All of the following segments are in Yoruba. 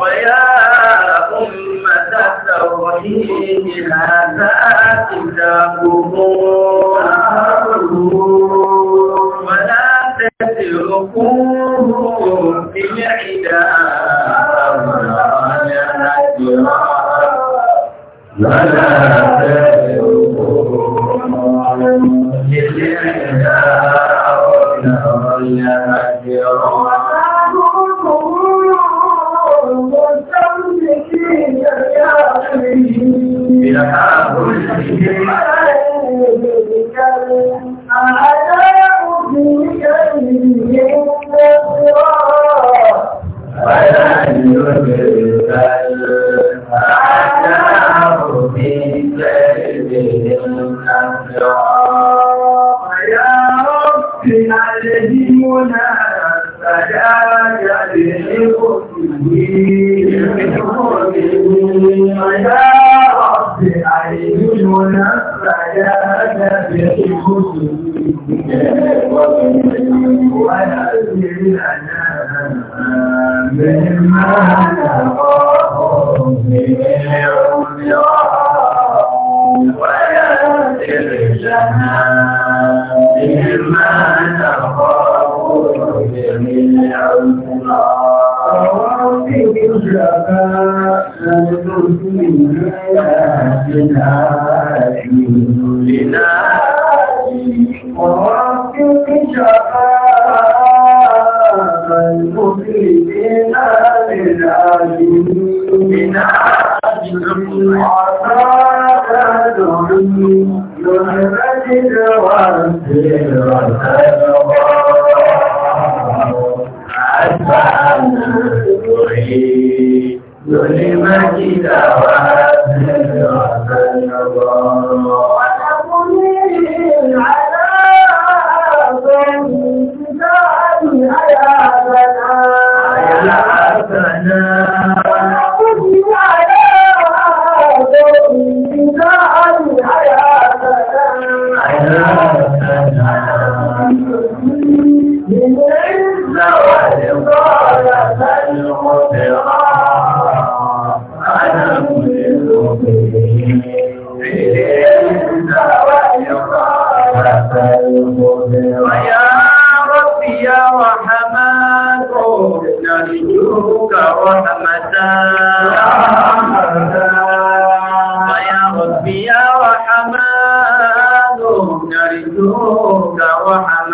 ويا أمة التوحيد هذا كتابكم vida.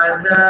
هذا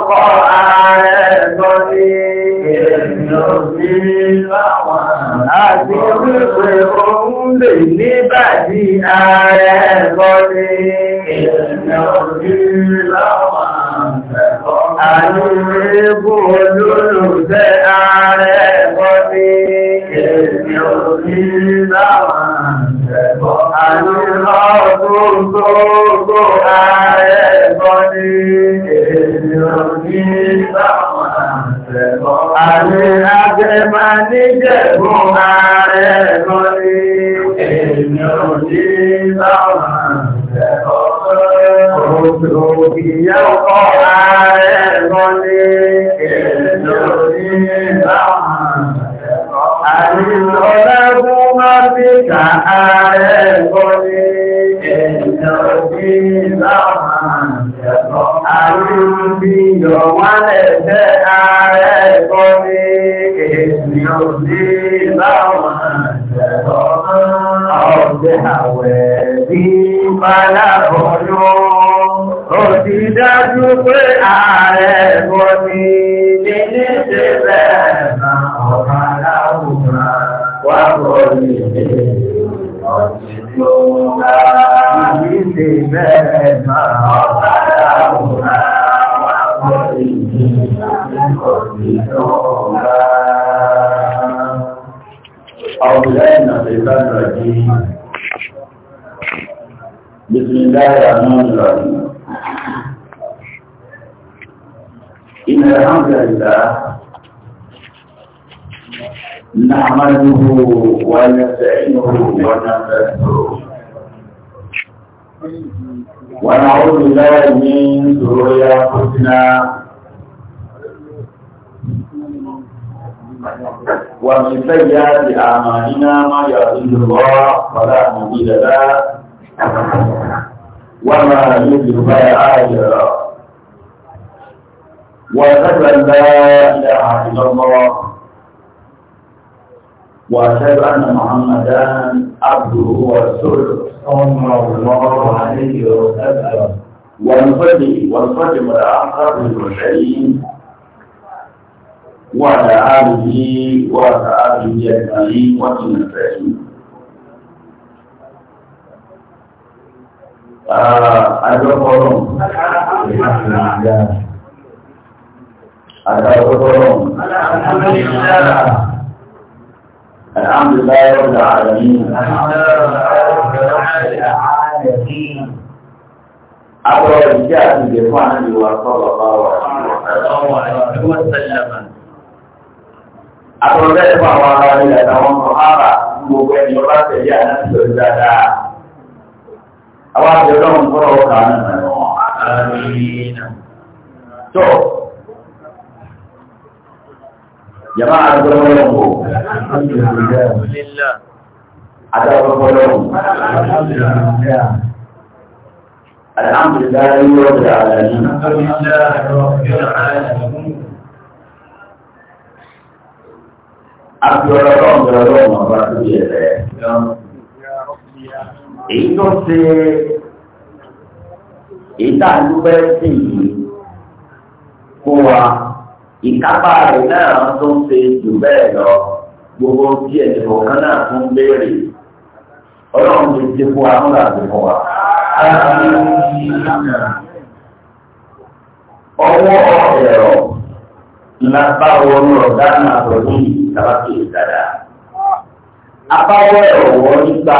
ọkọ̀ ààrẹ lọ ní ènìyàn ní láwọn àti wípé òun lè níbàdí ààrẹ lọ ní ènìyàn ní láwọn Àyíwé bó olólùfẹ́ ààrẹ lọ ní ènìyàn ní láwọn àti ọdún tó gbó ààrẹ lọ ní òní báwọn àtẹ̀bọ̀. Àmì àgbẹ̀mà níjẹ̀bùn ààrẹ lọ ní. Èmi òní báwọn àtẹ̀bọ̀. Òkìyà ọkọ̀ ààrẹ lọ ní. Èmi òní báwọn àtẹ̀bọ̀. Àmì ọlẹ́gùn ààrẹ Àrùn bí yọ̀wálẹ̀ jẹ́ ààrẹ ẹ̀kọ́ ní èsì òsì láwọn àjẹ̀rọ̀ ọ̀jẹ̀ àwẹ̀ bí pálábọ̀yọ́. Ó ti dájú pé ààrẹ ẹ̀kọ́ ní nílé ṣe bẹ́ẹ̀ máa ọ̀rọ̀ أعوذ بالله من الشيطان الرجيم بسم الله الرحمن الرحيم إن الحمد لله نحمده ونستعينه ونستغفره ونعوذ بالله من شرور أنفسنا ومن سيئات أعمالنا ما يهده الله فلا مضل له وما يضل فلا هادي له وأشهد أن لا إله إلا الله وأشهد أن محمدا عبده ورسوله صلى الله عليه وسلم ونصلي ونصلي على أقرب المرسلين وعلى آله وأصحابه أجمعين وسلم Adọ́kọ̀ọ́rùn. Adọ́kọ̀ọ́rùn. Adọ́kọ̀ọ́rùn. الحمد لله رب العالمين أبرز جاء في جفان وصلى الله عليه وسلم أبرز جاء وعلى إلى دوام صحابة وكان يرى سجاء نفسه الزادة أواجه لهم قرأ وكان منه jama'a da kuma yawan ko a da kuma yawan الحمد لله رب العالمين أكبر رب العالمين أكبر èyí tó ṣe èyí tá a dúpẹ́ sí yìí fún wa ìkápá rẹ̀ náà tó ń ṣe jù bẹ́ẹ̀ lọ gbogbo tí ẹ̀sìn kọ̀ọ̀kan náà tó ń béèrè ọlọ́run ti ti fún wa fún àgbẹ̀kọ wa. ọwọ́ ẹ̀rọ ńlá bá wọnú ọ̀gá náà lọ ní ìtàbákì dáadáa. apáwọ̀ ẹ̀rọ wọ nípa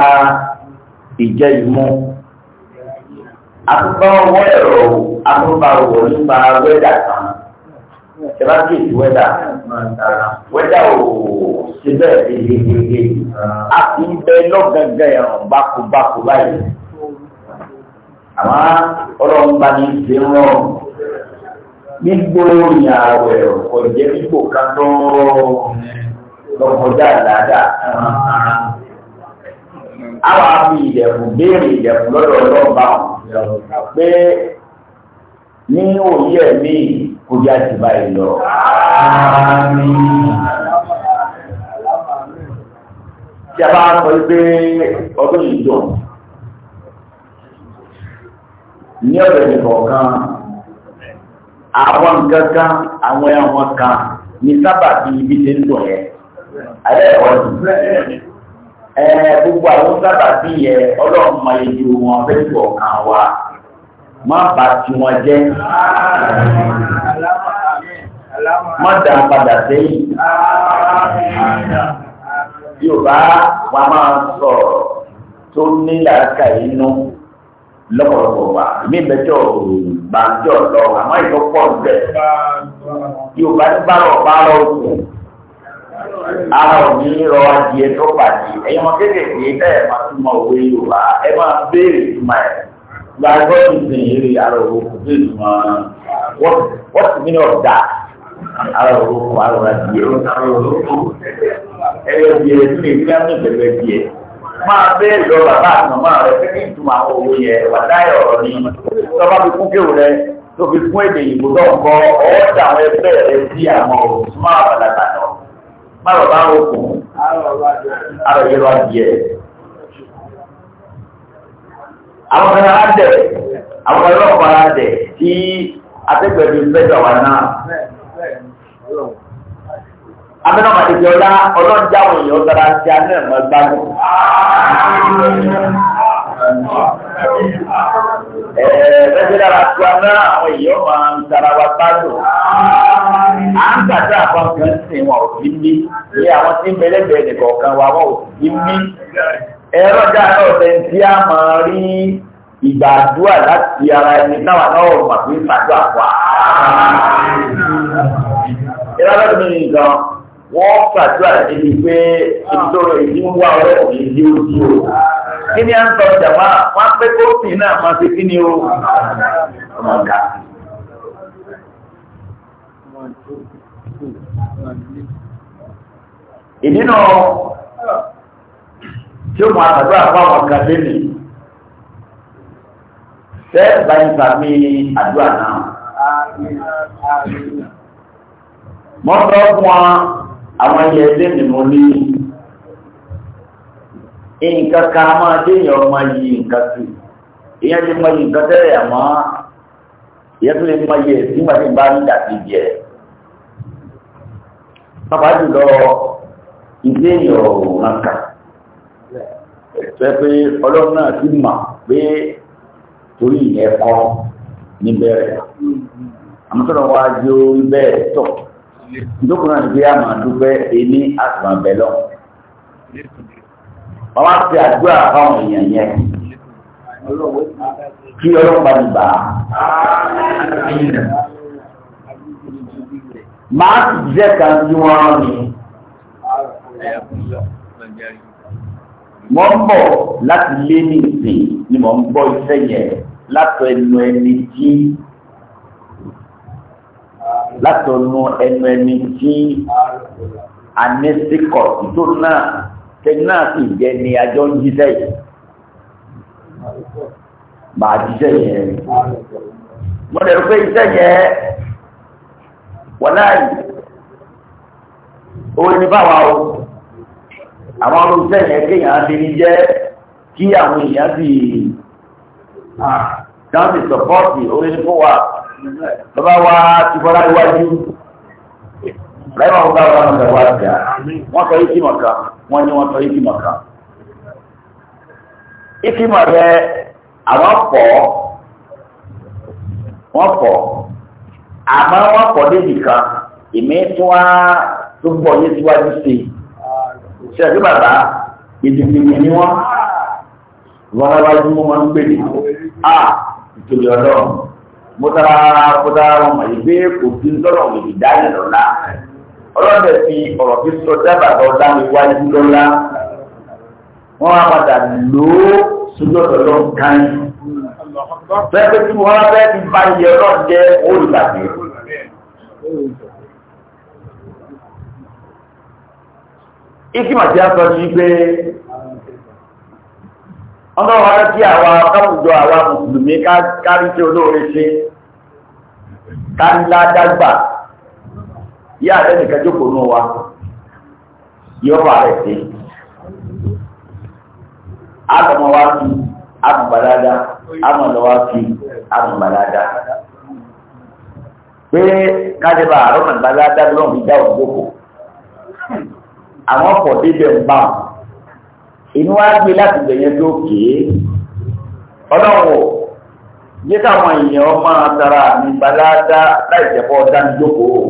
ìjẹ́ ìmú. àtúbọ̀ ọwọ́ ẹ̀rọ àtúbọ̀ wọ nípa wẹ́dà kan ìbá kí èsì wẹ́dà wẹ́dà ò ṣe bẹ́ẹ̀ hehehehe a ti ń bẹ lọ́gàngàn ẹ̀rùn bákubáku báyìí àmọ́ ọlọ́run bá ní ṣe ń rọrùn gbígbó ìyá àwẹ̀ ọ̀jẹ́ gbígbó kan tó lọ́kọjá dáadáa àwọn àfi ìdẹ̀kùn béèrè ìdẹ̀kùn lọ́dọ̀ ọlọ́ọ̀bá pé ní òye ẹ̀mí yìí. kó àti báyìí lọ. tí a bá sọ pé ọdún yìí ní ọ̀rẹ́ àwọn àwọn kan ni sábà bí ibi ṣe ń dùn ẹ. ayé ẹ̀wọ̀n ẹ gbogbo àwọn sábà bí yẹ ọlọ́run máa wa má jẹ́. má dà padà sẹ́yìn. Yorùbá wa máa sọ̀rọ̀ tó ní làákà inú lọ́pọ̀lọpọ̀ wa mí mẹ́jọ gbàjọ lọ àmọ́ ìtọ́pọ̀ bẹ̀. Yorùbá ní bárọ̀ bárọ̀ òkú ara òní rọ adìẹ tó pàdé ẹ̀yin ọmọ kéékèèké bẹ́ẹ̀ máa tún mọ òwe Yorùbá ẹ máa béèrè ìtumọ̀ ẹ̀ gbàgbọ́ ìsìn yìí ara òkú béèrè mọ́ ọ. What, what's the meaning of that? Ara òru fún ara díẹ̀. Ẹyẹ díẹ̀ tún lè gbé ní ìbẹ̀rẹ̀ díẹ̀. Máa bẹ́ẹ̀ lọ bàbá àti màmá rẹ̀ fẹ́ kí n túmọ̀ àwọn òwe yẹn wà láyọ̀ ọ̀rọ̀ ni. Tọ́ba fi kún kéwù rẹ̀ tó fi kún èdè ìbò tó ń kọ́ ọwọ́ tí àwọn ẹgbẹ́ rẹ̀ sí àwọn òṣùmọ́ àbàlàbà náà. Má lọ bá ń okùn. Ara òru adìẹ. Àwọn kan náà á dẹ̀, àwọn kan náà kọ́ ara dẹ̀ tí àtẹ́gbẹ̀bí fẹ́jọ wa náà. Amínà Màdìjì ọlá ọlọ́njáwò èèyàn dára sí aná ẹ̀mọ́ gbádùn. Ẹ̀ẹ́dẹ́gbẹ́ dára sí aná àwọn èèyàn máa ń dára wa gbádùn. À ń gbàdá àwọn kan sìn wọn ò fi mí. Ní àwọn tí ń bẹ́lẹ́bẹ̀ẹ́ nìkan kan wa wọn ò fi mí. Ẹ̀rọ dáná ọ̀sẹ̀ tí a máa rí ìgbà àdúrà láti ara ẹni náà náà mà pé ìfàdúrà wà. ìlànà mi nìkan wọ́n fàdúrà níbi pé ìṣòro ìdí ń wá ọ̀rẹ́ òní dé ojú o. kí ni à ń sọ jàmá wọn pé kóòtù náà máa ṣe kí ni o. ọmọ tí ó mọ àtàdúrà fún àwọn kan lé nìyí. tẹ́ bá ń sàmì àdúrà náà. Mọ́ sọ fún wa àwọn ẹyẹ ní nǹkan ká máa déyàn ọmọ yìí nǹkan sí. Ìyẹn ti mọ yìí nǹkan tẹ́lẹ̀ àmọ́ ìyẹn tó lè mọ yìí ẹ̀sìn máa torí ìyẹn kọ́ níbẹ̀rẹ̀ àmọ́tọ́rọ̀ wa jó bẹ́ẹ̀ tọ̀ ndókùnrin àti àmà dúpẹ́ ẹni àtùmọ̀bẹ̀ lọ. Bàbá ti àdúrà fáwọn èèyàn yẹn. Kí ọlọ́pàá ti bà á. Màá sì jẹ́ kan tí wọ́n rán mi. Mo ń bọ̀ láti lé ní ìsìn ni mo ń gbọ́ iṣẹ́ yẹn látọ̀ ẹnu ẹni tí látọ̀ ẹnu ẹni tí anẹ́síkọ̀ tó náà tẹ́ni náà sì jẹ́ ni àjọ ń jíṣẹ́ yìí màá jíṣẹ́ yẹn mo lè rò pé iṣẹ́ yẹn wọ́n náà yìí owó ní báwa o àwọn olùsẹ́yìn kéèyàn á ti ní jẹ́ kí àwọn èèyàn sì dáhùn sí sọ̀pọ́ọ̀tì orí ní kó wà bàbá wa ti bọ́lá iwájú láìpẹ́ àwọn bá wà lọ́dọ̀ wá sí à wọ́n sọ ikí mọ̀ká wọ́n ní wọ́n sọ ikí mọ̀ká. ikí mọ̀ rẹ àwọn pọ̀ wọ́n pọ̀ àmọ́ wọ́n pọ̀ débi kan èmi tún wá tó gbọ́ yé síwájú sí i ṣe àti bàbá ìdìbìmì ni wọ́n wọ́n wájú wọn máa ń gbèdè ìtòlì ọlọ́run mọ́tàrà mọ́tàrà wọn mọ̀ ìgbé kò sí lọ́rọ̀ òyìnbí dání lọ́la ọlọ́dẹ fi ọ̀rọ̀ fi sọ dábàbà ọ̀dá mi wáyé lọ́la wọ́n á padà lò ó sójú ọ̀dọ̀ lọ́n kan fẹ́ẹ́ pé tí wọ́n fẹ́ẹ́ fi bá iye ọlọ́run jẹ́ olùgbàgbé. ikimati afọ ni pé ọlọ́run wá kí àwa káwùjọ àwa mùsùlùmí kárí tí olóore ṣe kárílá dágbà yá àtẹ́nìkan jókòó náà wa yóò wà rẹ̀ sí àtọmọ wa fi àmùbàdàdà àmọ̀lọ́ wa fi àmùbàdàdà pé kájọba àrùn àgbàdàdà lọ́nà ìjà òjòkó àwọn ọkọ̀ débẹ̀ ń bá inú wa gbé láti bẹ̀yẹn tó kéé ọlọ́wọ̀ yé káwọn èèyàn máa tara mi balada láì jẹ́pọ̀ dánidókòó.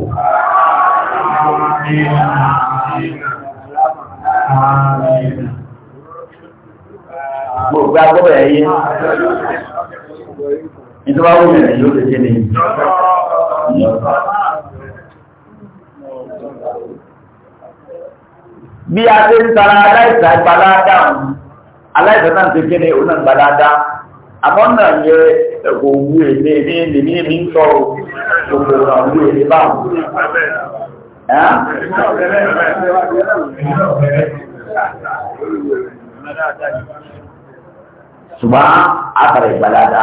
Gbogbo agbọ́bẹ̀ ẹ̀yẹ. Ìjọba wọ́n mẹ̀rẹ̀ yóò lè jẹ́ ni bí a ṣe ń tara aláìsàn gbalada aláìsàn náà ti kéde ó náà gbalada àmọ́ náà yẹ ẹ̀kọ́ owó èlé ní èlé ní èmi ń sọ gbogbo ọ̀nà owó báwọn. ṣùgbọ́n àtàrà ìgbalada.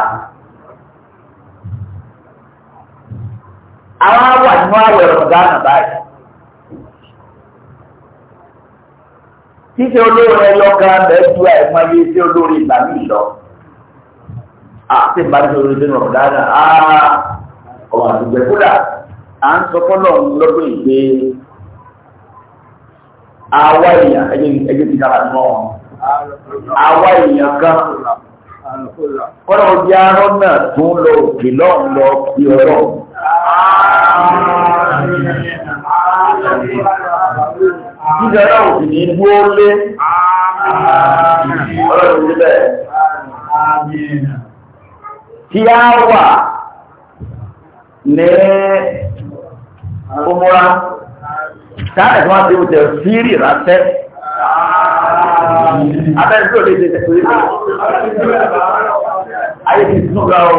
àwọn ṣíṣe olóore ẹyọ kan bẹ́ẹ̀ ju àìmọye ṣé olóore ìgbà mí lọ àti ìbáraẹni olóore sínú ọ̀gá náà á ọ̀wà àdúgbò kódà à ń sọ fọ́nà lọ́dún ìgbé àwa èèyàn ẹgbẹ́ ti dára mọ́ àwa èèyàn kan fọ́nà òbí arọ́ náà tún lọ òkè lọ́hùn lọ sí ọ̀rọ̀ jíjẹ náà sì ní dúó lé ọlọ́run níbẹ̀ tí a wà ní ọmọra táàrẹ̀ tí wọ́n ti wùtẹ̀ fírì ránṣẹ́ abẹ́rẹ́ tó lè ṣe tẹ̀síwé ayé ti tún ga o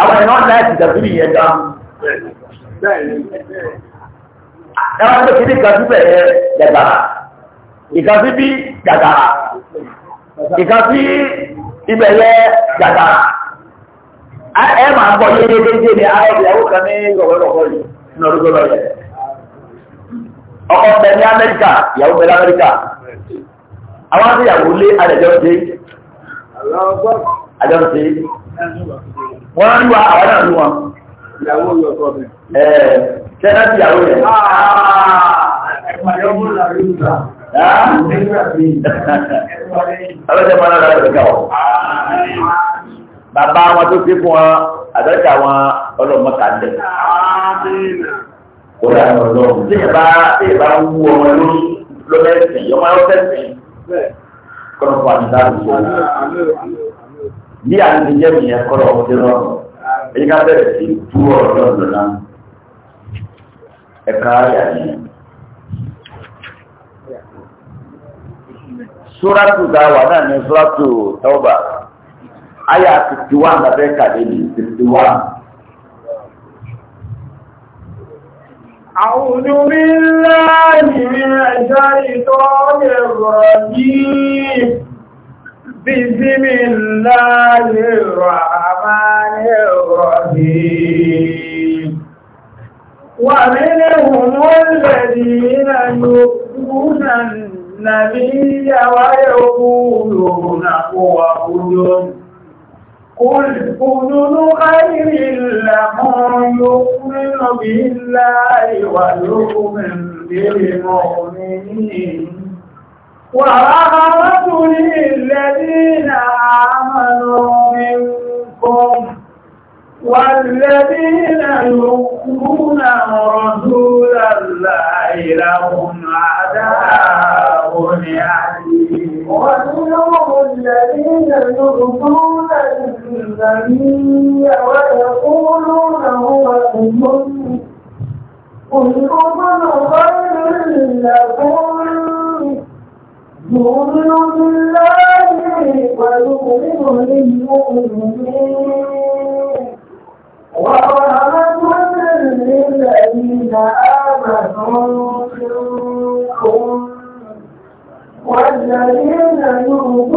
àwọn ẹ̀nà láti dàbí ìyẹn dáa ẹwà tó kìí kàtú bẹ̀rẹ̀ dàgbàrà ìkàtú bí dàgbàrà ìkàtú ìbẹ̀rẹ̀ dàgbàrà ẹ máa bọ̀ yé dédé ní ayọ̀bí ẹ̀wọ̀ kan ní rọ̀wọ́rọ̀wọ́ yìí ní ọdún gbọ́dọ̀ yẹ ọkọ ní Amẹ́ríkà ìyàwó bẹ Amẹ́ríkà àwọn àti ìyàwó lé àjẹjọ́ ṣe àjọ ṣe wọ́n ń lu àwọn náà wọn. Ìyàwó yóò sọ mi. Ẹ̀ẹ́ kẹ́lá ti yàwó rẹ̀. Ọlọ́jọ́ máa lára rẹ̀ kà ọ́. Bàbá wọn tó fi fún wọn, àdọ́jà wọn ọlọ́mọkà ń tẹ̀. Kódà ọlọ́run. Tí ìbá tí ìbá ń wú ọmọ lórí lọ́lẹ́sìn, ọmọ lọ́lẹ́sìn. Kọ́nà fún àdìsá àdìsá. Bí àdìsá jẹ́ mi yẹn kọ́lọ̀ ọ̀hún ti rọrùn èyí ká bẹ̀rẹ̀ sí tú ọ̀rọ̀ lọ́dọ̀ náà ẹ̀ka àyà ni. Súrátù dáwà náà ni Súrátù Tọ́ba. Àyà fifty one lábẹ́ kàdé ní fifty one. أعوذ بالله من الشيطان الرجيم بسم الله الرحمن الرحيم ومنهم الذين يؤمنون النبي ويقولون هو أذن قل أذن خير لهم يؤمن بالله ويؤمن بالمؤمنين ورحمة للذين آمنوا منكم والذين يؤمنون رسول الله لهم عذاب عليم ومنهم الذين يؤمنون النبي ويقولون هو المؤمن قل خير لكم مؤمن بالله ويؤمن للمؤمنين ورحمة للذين آمنوا منكم والذين يؤمنون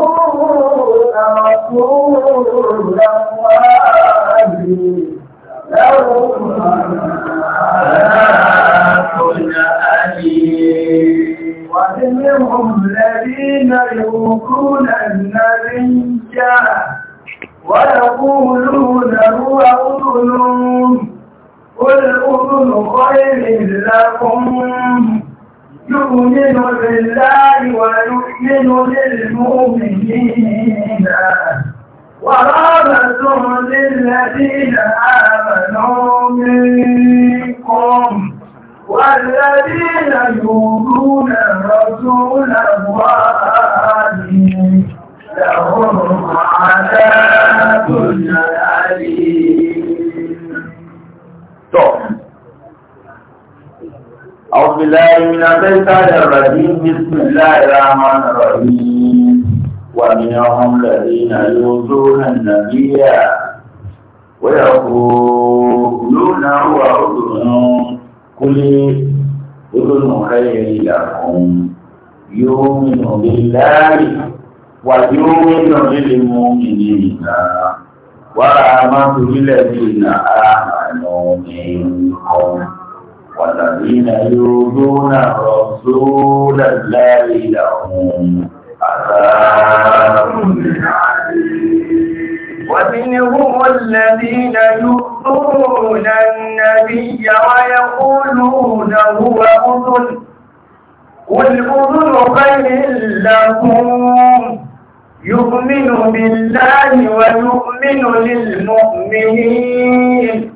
رسول الذين آمنوا منكم والذين يؤذون الرسول الله لهم عذاب ومنهم الذين يؤذون النبي ويقولون هو أذن قل أذن خير لكم يؤمن بالله ويؤمن للمؤمنين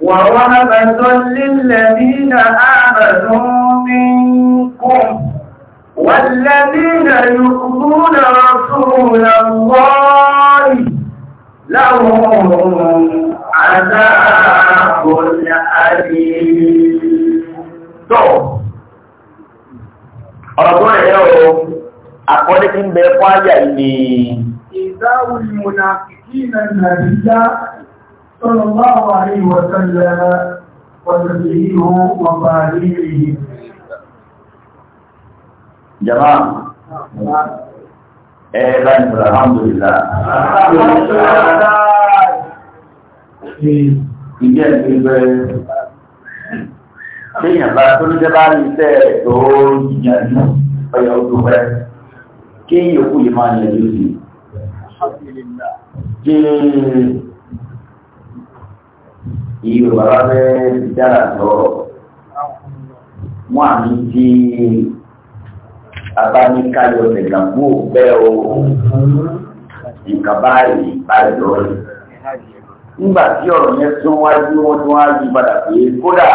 ورهبة للذين آمنوا منكم والذين يؤذون رسول الله لهم عذاب أليم. ọ̀rọ̀ tó rẹ̀ yẹ́ o àkọlé tí ń bẹ fún àyà ìní. Ìdáhùn ìmùnàfìkì na Nàìjíríà sọ̀rọ̀ máa wà ní ìwọ̀sánlẹ̀ ọ̀sẹ̀lẹ̀ ìhò alhamdulillah. Ìjẹ́ ìgbẹ́ Téèyàn bá tó ní jẹ́ bá ní iṣẹ́ tó yíyanjú ọ̀yà ojú rẹ̀ kéèyàn kú lè máa yẹ lórí jẹ́ ìyò bàbá fẹ́ dára lọ wọ́n àmì tí abáníkáyọ̀ nìkàkú bẹ́ o nǹkan báyìí báyìí lọ́rẹ̀ nígbà tí ọ̀rọ̀ yẹn tún wájú wọn tún wá yí padà pé kódà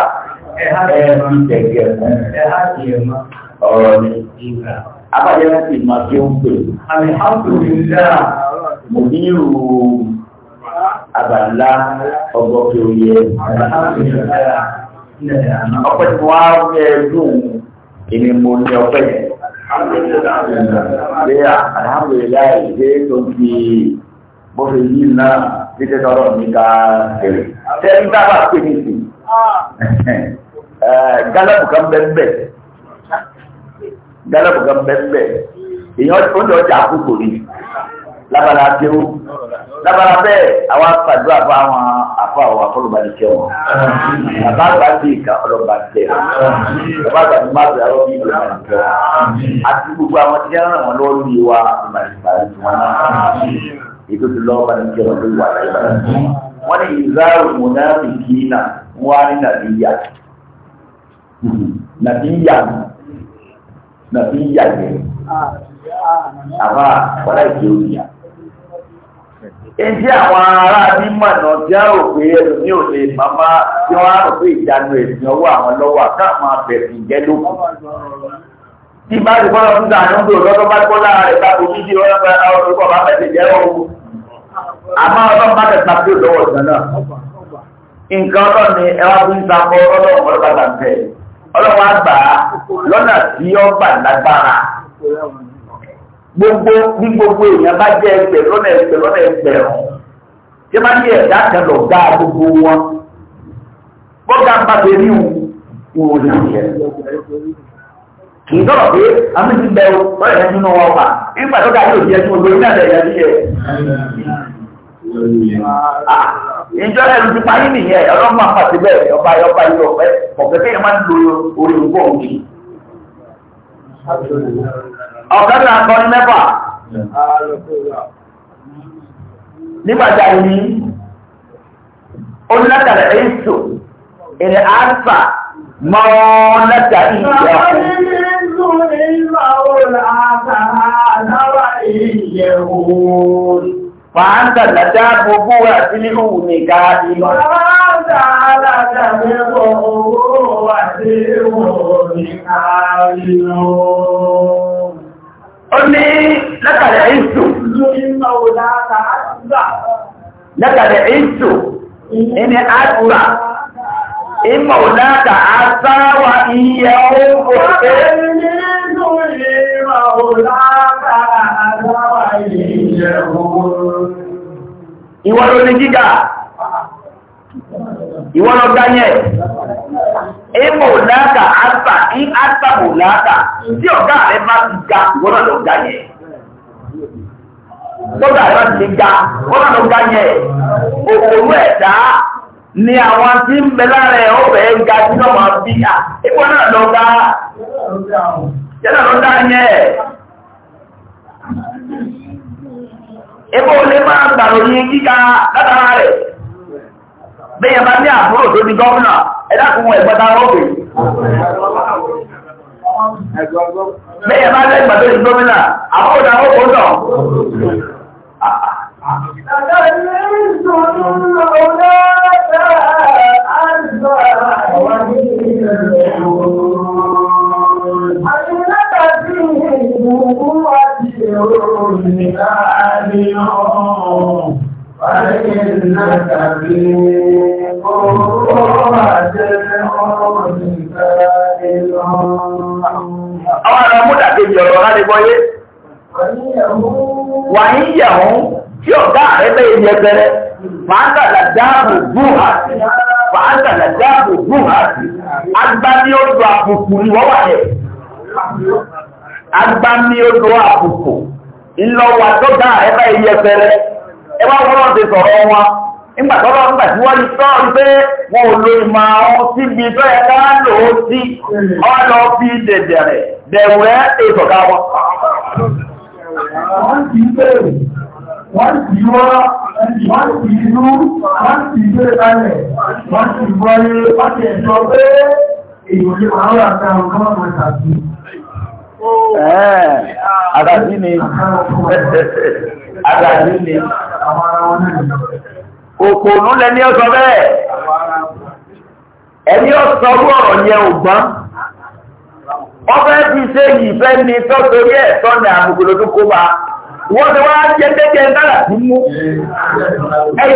ẹ fi tẹ̀gẹ̀ mọ́ ọ̀rọ̀ ni abájẹ́ láti ìmọ̀ tí ń pè alhamdulillah mo ní ìrù àbàlá ọgbọ́ kí ó yẹ ọpẹ́ tí wọ́n mo ní ọpẹ́ pé alhamdulillah ìdé tó ń fi bó ṣe yí náà títẹ́ tọ́rọ̀ mi ká kẹrẹ̀ tẹ́ ń dábàá pé gálọ́pù kan bẹ́ẹ̀ èèyàn oúnjẹ ọjà àkókò rí lábala kéwú lábala bẹ́ẹ̀ àwọn àpàdúrà fún àwọn àfọ àwọn afọlùbánikẹ́ wọn bàbá àgbà sí ìka ọlọ́ba tẹ̀ bàbá àgbà tó má bẹ̀rẹ̀ ọ̀rọ̀ bí ìlú ìbànújẹ́ wọn àti gbogbo àwọn tí wọ́n ràn wọ́n lọ́wọ́ lórí wa ìbànújẹ́ wọn ètò ti lọ́wọ́ bánikẹ́ wọn lórí wa ìbànújẹ́ wọn ni ìzáàrò mọ̀nàmì kìínà wọn á ní nàbíyà hmm. nàbíyà nàbí yàgbé àbá wọlé ìdí òbíà. Ìjẹ́ àwọn ará mímọ̀ náà tí a rò pé ẹlòmí ò lè máma tí wọ́n á rò pé ìjánu ẹ̀sìn ọwọ́ àwọn lọ́wọ́ àkáàmọ́ abẹ̀rẹ̀ ìjẹ́ lókun. Tí bá ti bọ́lá fún ìdáná ń gbòòrò lọ́dọ́ bá ti bọ́lá rẹ̀ bá tóbi bí ọ̀rọ̀ bá ọ̀rọ̀ bá bá tẹ̀sẹ̀ jẹ́ ọ̀hún. Àmọ́ ọlọ́run bá tẹ̀sẹ̀ àbúrò lọ́wọ́ ìtàn náà. Nǹkan ọlọ́run ni ẹ wá fún ìtakọ̀ ọlọ́run ọlọ́wọ́ àgbà lọ́nà tí ó bà lágbára gbogbo ní gbogbo èèyàn bá jẹ́ ẹgbẹ̀ lọ́nà ẹgbẹ̀ lọ́nà ẹgbẹ̀rún tí ní ẹ̀dá kan lọ gbogbo wọn bọ́gá kì í pé àmì ti bẹ̀rù wà nígbà tó yóò di ẹjú ìjọ ẹ̀rù ti parí nìyẹn ọlọ́mọ àpàtì bẹ́ẹ̀ ọba ọba yìí ọ̀fẹ́ ọ̀fẹ́ kéèyàn máa ń lo orí ògbó òkè. ọ̀kadà akọni mẹ́fà nígbàdà yìí onílàkàlẹ̀ èso ìrìn àǹfà mọ́ lẹ́tà ìyá. Ìgbà wo ni ìgbà wo ni àtàrà náwà ìyẹ̀wò? Fàáńtà làjá gbogbo wà sí nínú ní ká ìlọ. Fàáńtà làjá gbogbo wà sí nínú ní ká ìlọ. Ó ní lákàrẹ̀ ìsù. Lákàrẹ̀ ìsù, ìní àgbà, ìmọ̀ láta àtàwà iye oúnjẹ òfẹ́. Ìmọ̀ láta àtàwà iye oúnjẹ ìwọ ló ní gíga ìwọ ló gáyẹ ébò láàkà àtà ní àtàbò láàkà tí ọ̀gá rẹ bá ti ga ìwọ náà ló gáyẹ tọ́gà rẹ bá ti ga ìwọ náà ló gáyẹ òkòrò ẹ̀dá ni àwọn tí ń bẹ lára ẹ̀ ọ̀fẹ́ ga tí wọ́n máa bí à ìwọ náà ló yẹ́ ebó olè máa ń gbàrò ní kíkà látara rẹ̀ bẹ́yẹn bá ní àbúrò tó ní gọ́ọ̀nà ẹ̀dàkùnrin ẹ̀gbọ́ta rọ́bì bẹ́yẹn bá lẹ́gbà tó ní gómìnà àbúrò àwọn òkúntọ̀ Àdínlẹ́ta عالم فإنك فيكم وجدهم سائل Àwọn ará múdà kejì ọ̀rọ̀ láti gbọ́yé. Wà ní ìyàwó tí ọ̀gá rẹ̀ bẹ́ ilẹ̀ bẹ̀rẹ̀, máa ń tàlà dáàbò bùn àti, máa ń tàlà dáàbò bùn àti, agbá ní ó lọ àbùkù ni wọ́n agbami odò àpòpò ńlọwà tọ́gá ẹ̀bá iye ẹ̀fẹ́rẹ́ ẹwà wọ́n ti sọ̀rọ̀ wọn nígbàtọ́lọ́ nígbàtí wọ́n sọ pé wọn ò lo ìmọ̀ àwọn síbi tó yẹ ká lò ó sí ọlọ fi dẹ̀dẹ̀rẹ̀ dẹ̀wẹ́ ìsọ̀ká wọn. wọ́n ti bẹ̀rẹ̀ wọ́n ti wá wọ́n ti inú wọ́n ti gbé kalẹ̀ wọ́n ti wọlé wọ́n ti ẹ̀sọ́ pé èèyàn lè máa ń rà sáà kọ́mọ̀ máa tàbí. àdàbí ni àdàbí ni òpònú lẹni ọ̀sọ̀ bẹ́ẹ̀ ẹni ọ̀sọ̀ ọ̀rọ̀ ụgbọ. ògbọ́n ọfẹ́ ti ṣe yìí fẹ́ ni tọ́torí ẹ̀ sọ́nà àbùkùnrin tó kó wa wọ́n ti wá jẹ́ tẹ́jẹ́ dára tí mú ẹ̀yí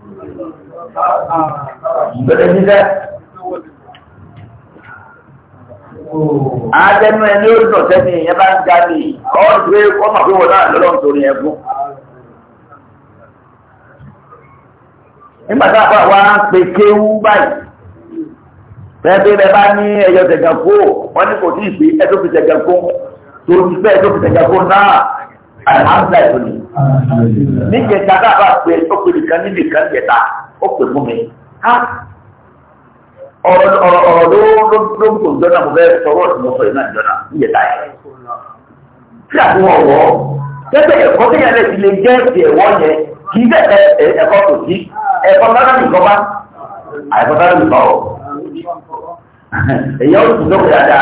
Bẹ̀rẹ̀ jíjẹ́. Àádẹ́nu ẹni ó dùn sẹ́ni ìyẹn bá ń ga ní ọ̀dùn ọmọ pé wọ́n náà lọ́lọ́ nítorí ẹ̀bùn. Nígbà tá a fà wá ń pe kéwú báyìí. Bẹ́ẹ̀ bẹ́ẹ̀ bá ní ẹyọ tẹ̀gàn kó, wọ́n ní kò tí ì sí ẹ̀dọ́fìtẹ̀gàn kó, tòun ti fẹ́ ẹ̀dọ́fìtẹ̀gàn kó náà alihamdulilayi tó ni. ní jẹta bá a bá pè ó pè nìkan ní nìkan jẹta ó pè fún mi. ọ̀rọ̀ ló ló ló ń tòun jọ́nà mo fẹ́ sọ̀rọ̀ tí mo sọ yìí náà jọ́nà ní jẹta yẹn. tí a tún wọ̀ wọ́ tẹ́tẹ̀ ẹ̀kọ́ kéèyàn lè fi lè jẹ́ ti ẹ̀wọ́ yẹn kì í tẹ̀ ẹ̀kọ́ tó sí ẹ̀kọ́ sára nìkan bá àìkọ́ sára nìkan ọ̀ èyí ọ̀rùn tó dọ́kọ̀ yàrá.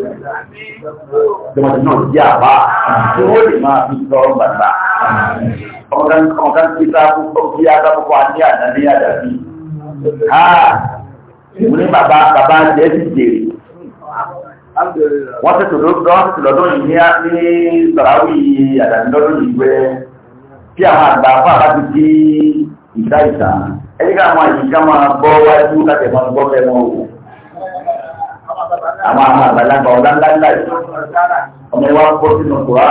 Jọmọdé náà jẹ́ àbá tí wọ́n lè máa fi lọ gbàgbà. Ọmọkan ti ta púpọ̀ bí agbábọ́kọ́ àti àdáni àdàbí. Ha! Mo ní bàbá bàbá jẹ́ ti jèrè. Wọ́n tètè lọ́dún yìí ní Sàráwì àdàbí lọ́dún yìí wẹ́ kí àwọn àgbà fún àbá ti ìta ìta. Ẹni àwọn àyíká máa gbọ́ wájú láti ẹ̀mọ́ gbọ́ fẹ́ mọ́ òun àwọn àwọn àgbàlagbà ọ̀làńláńlá yìí ọmọ ìwà ń kó sínú kura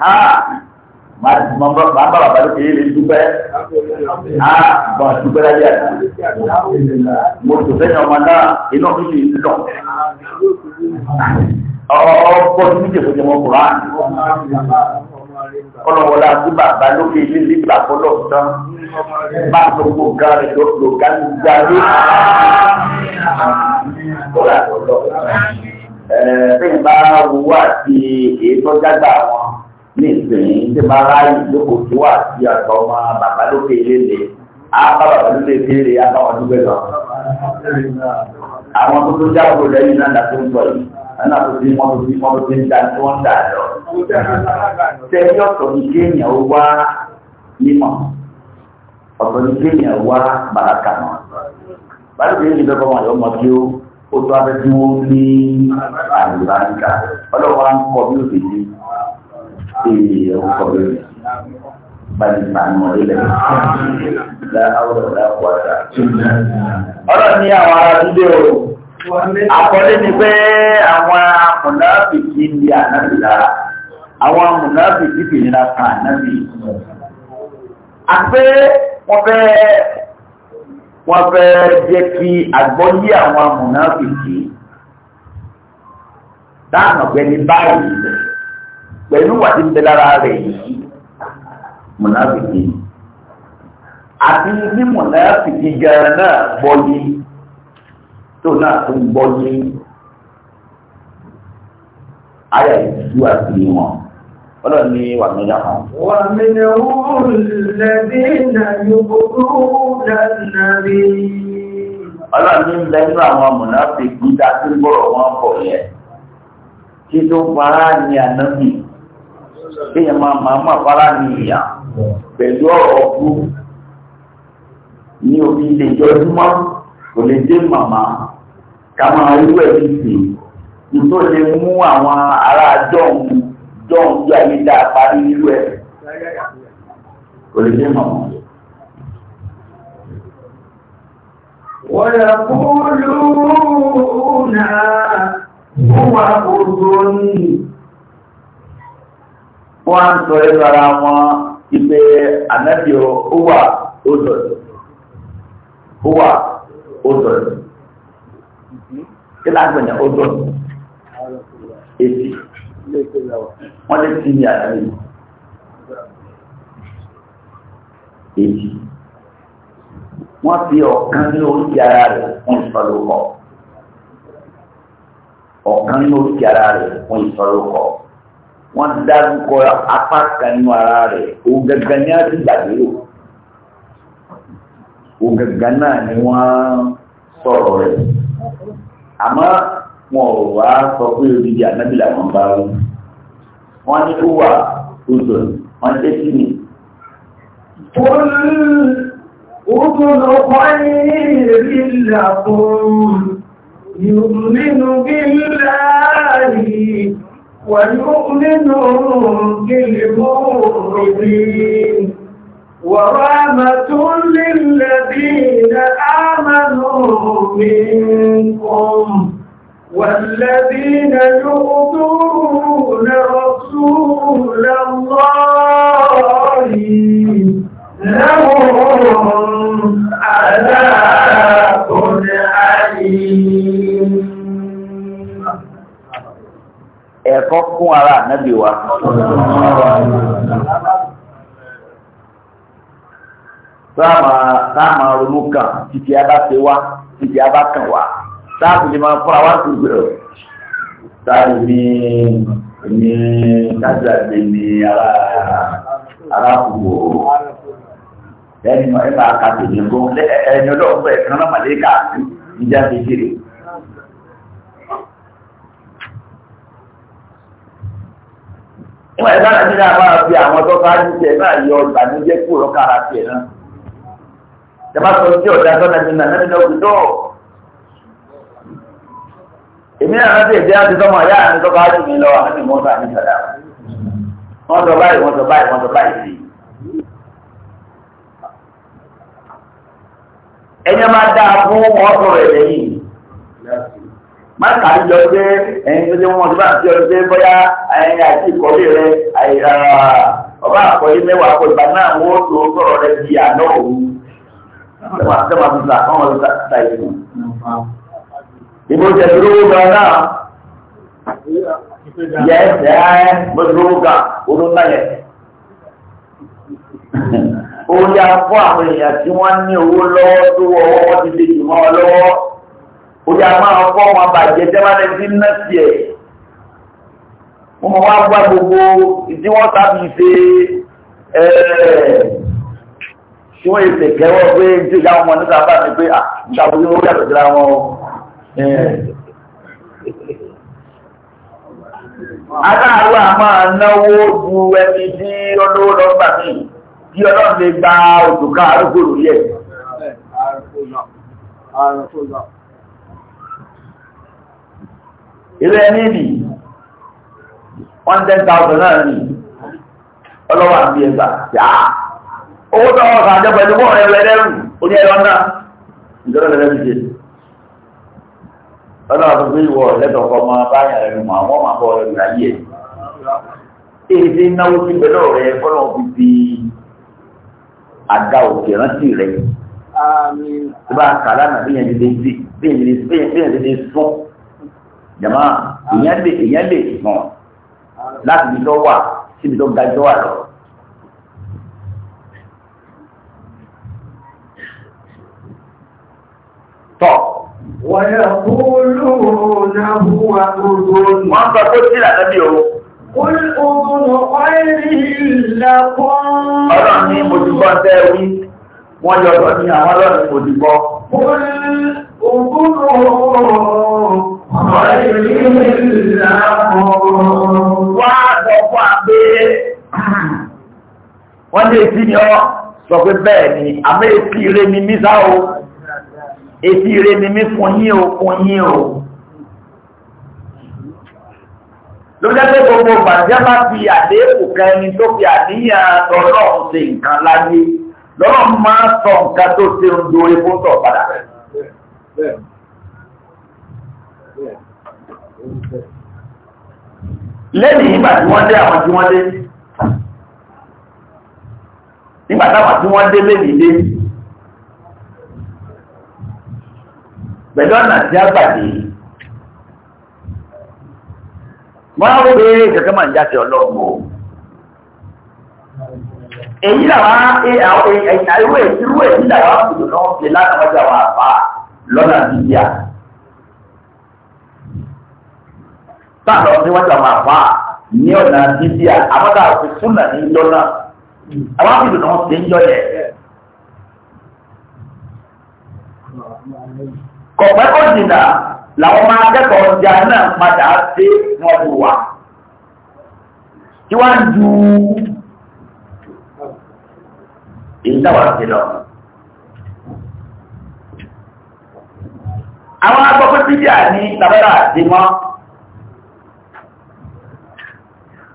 ha máa ti mọ bá bá bàbá lókè lè dúpẹ́ ha bọ̀ dúpẹ́ láyé àti mo tó sẹ́yìn ọmọ náà iná mi lè lọ ọ̀ọ́ bọ́ sí méjèèjì ọmọ kura ọlọ́wọ́lá sí bàbá lókè ilé nígbà fọlọ́ tán bá gbogbo nǹkan rẹ̀ lọ́dọ̀ gánúgbáyé kọ́lá lọ́dọ̀ ẹ̀ẹ́dẹ́gbẹ̀rún bá wúwà sí ètò jágbà wọn ní ìsìn tí bá ráyè lóko tó wà sí àgbà ọmọ bàbá lókè ilé lè á bá bàbá lókè ilé lè á bá wọn dúpẹ́ lọ. àwọn tó tó jáwọ́ lẹ́yìn náà dàtó ń bọ̀ yìí ẹ̀nà tó fi mọ́tò fi mọ́tò fi ń da tí wọ́n ń dà lọ. Tẹ́lẹ̀ ọ̀tọ̀ ní kéèyàn wá mímọ̀, ọ̀tọ̀ ní kéèyàn wá bàrákà mọ̀. Bàbá mi ní bẹ́ẹ̀ bọ́ wọn lọ́mọ tí ó ó tó abẹ́ tí wọ́n ní àlùbáríkà. Ọlọ́wọ́ á ń kọ bí òbí ní èèyàn ń kọ bí òbí. Bàbá mi ní àwọn ilẹ̀ ọlọ́run ní àwọn ará dúdé o. Àkọlé ni pé àwọn amùnáfìkì ń di ànábì lára. Àwọn amùnáfìkì fi nira kan ànábì. Àpé wọ́n fẹ́ wọ́n fẹ́ jẹ́ kí àgbọ́yé àwọn amùnáfìkì dáhùn ọ̀gbẹ́ni báyìí pẹ̀lú wà tí ń bẹ lára rẹ̀ yìí mùnáfìkì. Àti ní mùnáfìkì gan náà gbọ́yé tó náà tó ń gbọ́ yé ayé ìtú àti wọn ọlọ́run ní wà ní ìyàwó. wà mí ni wọ́n lẹ́bí náà yóò gbogbo lẹ́nà rí. ọlọ́run ní lẹ́nu àwọn mọ̀nàfẹ́ gbígbà tí ń bọ̀rọ̀ wọn bọ̀ yẹn tí tó fara ní ànábì tí yẹn máa máa máa fara ní ìyà pẹ̀lú ọ̀rọ̀ ọkú ní omi ilé ìjọ́júmọ́ kò lè dé màmá ká máa rú ẹbí sí ìtò lè mú àwọn ará dọ́ọ̀n dọ́ọ̀n bí ayé dá parí nírú ẹ̀ kò lè dé mọ̀ mọ́. ويقولون هو أذن wọ́n á ń sọ ẹ̀rọ ara wọn ipe ànábìọ́ ó wà ó dọ̀dọ̀ ó wà ó dọ̀dọ̀ kí lágbẹ̀dẹ̀ ó dọ̀ èsì wọ́n lè ti ní àdáyé èsì wọ́n fi ọ̀kan ní orí ara rẹ̀ fún ìsọlọ́kọ ọ̀kan ní orí ara rẹ̀ fún ìsọlọ́kọ wọ́n dárúkọ apá kan ní ara rẹ̀ òun gẹ́gẹ́ ní àti ìgbàgbéró òun náà ni wọ́n sọ̀rọ̀ rẹ̀ àmọ́ wọn ò wá sọ pé odidi ànábì làwọn bá wí wọ́n ní ó wà odò wọ́n dé sí mi. Òtún ọkọ̀ yìí rí làkùn yùmínú bí láàrí wà yóò nínú kí lè mú ورحمة للذين آمنوا منكم والذين يؤذون رسول الله لهم عذاب أليم ẹ̀kọ́ fún ara ànábì wa táàmà ronú kan títí a bá ṣe wá títí a bá kàn wá táàbù lè máa fúnra wá sí ìgbèrò táàbù ní ní kájàgbé ní ẹni ẹ̀ka àkàtúndì gún ẹni ọlọ́run bẹ̀rẹ̀ màlẹ́kà ìjà kékeré. ìwọ̀n ẹ̀dá nàìjíríà máa fi àwọn ní náà yọ kúrò kára tiẹ̀ jàmbá sọ sí ọ̀dà sọ́nà ní nà nẹ́bí náà gbùdọ̀ èmi náà rántí èdè àti sọmọ ìyá mi tó bá jù mí lọ àmì mọ́ sọ àmì sọ̀dà wọ́n sọ báyìí wọ́n sọ báyìí wọ́n sọ báyìí sí ẹni máa dáa fún ọkọ rẹ̀ lẹ́yìn má kàrí jọ pé ẹni tó dé wọn ti bá ti ọ pé bóyá ẹni àti ìkọ́lé rẹ ọba àkọ́lé mẹ́wàá kọ́ ìgbà náà wọ́n Tẹ́wà tẹ́wà ti gbà kọ́ wọn lè ta ìlú. Ìbò jẹ dúró gan náà. Yẹ ẹsẹ̀ ẹ́ mo dúró gan olú náyẹ. Orí afọ́ àwọn èèyàn tí wọ́n ní owó lọ́wọ́ tó wọ ọwọ́ ti di jùmọ́ lọ́wọ́. Orí afọ́ àwọn afọ́ wọn bàjẹ́ tẹ́wọ́n ti ń ná ẹ̀. Wọ́n wá gbá gbogbo ìdíwọ́ta fi ṣe ẹ̀ẹ́. tí wọ́n yìí tẹ̀kẹ́wọ́ pé tí ìyá ọmọ nígbà bá mi pé ní orí wọn o. náwó ẹni ọlọ́wọ́ lọ gbà mí ọlọ́run lè gba òtùká arúgbòrò yẹ. ilé ẹni nì one ten thousand náà nì ọlọ́wọ́ àbí ẹgbàá e yàá. owó tó wọ́n kàájọ pẹ̀lú bọ́ ẹ̀rọ ẹlẹ́rù oní ẹ̀rọ náà ìjọba lẹ́lẹ́ fi ṣe ọlọ́run tó fi wọ lẹ́tọ̀ ọkọ ọmọ báyà ẹnu mọ àwọn ọmọ àbọ̀ ẹ̀rù ayé èyí tí náwó sí pẹ̀lú rẹ fọlọ́ fi fi àga òkè rántí rẹ tí bá kàlá náà bí yẹn ti lè sí bí yẹn ti lè sún jàmá ìyẹn lè sùn láti ibi tó wà síbi tó ga jọ wà lọ. tọ̀. wọ́n yà kú lóòrùn náà wà lóòrùn. wọ́n sọ pé sí àtẹ́bí o. Ọlọ́run ní mojúbọ́ tẹ́ wí, wọ́n yọ̀dọ̀ ní àwọn ọlọ́run mojúbọ́. Wá sọ fún àgbé, wọ́n lè sí ni ọ́ sọ pé bẹ́ẹ̀ ni, àmé sí ire ni mísá o èsì rẹ̀ ni mí fún yín o fún yín o ló jẹ́ pé gbogbo gbàjẹ́ bá fi àdéhùn kan ẹni tó fi àníyàn ọlọ́run ṣe nǹkan láyé lọ́rọ̀ máa sọ nǹkan tó ṣe ń do epo sọ̀ padà rẹ̀ lẹ́yìn ìgbà tí wọ́n dé àwọn tí wọ́n dé nígbà táwọn tí wọ́n dé lẹ́yìn dé pẹ̀lú ọ̀nà tí a gbàdé wọ́n á béèrè kankan máa ń jáde ọlọ́run o èyí làwọn àìwé irú èyí làwọn àkùdù náà fi lánàá ọjà wọn àbá lọ́nà bíbíà táàlọ́ ní wọ́n jà wọn àbá ní ọ̀nà bíbíà àmọ́tà òfin fúnà ní lọ́nà àwọn àkùdù náà fi ń yọ kọ̀pẹ́ kò jìnnà làwọn máa kẹ́kọ̀ọ́ ọjà náà padà dé wọn bù wá tí wọ́n ń ju èyí táwọn ti lọ. àwọn agbọ́pẹ́ bídíà ní tàbẹ́rà àti mọ́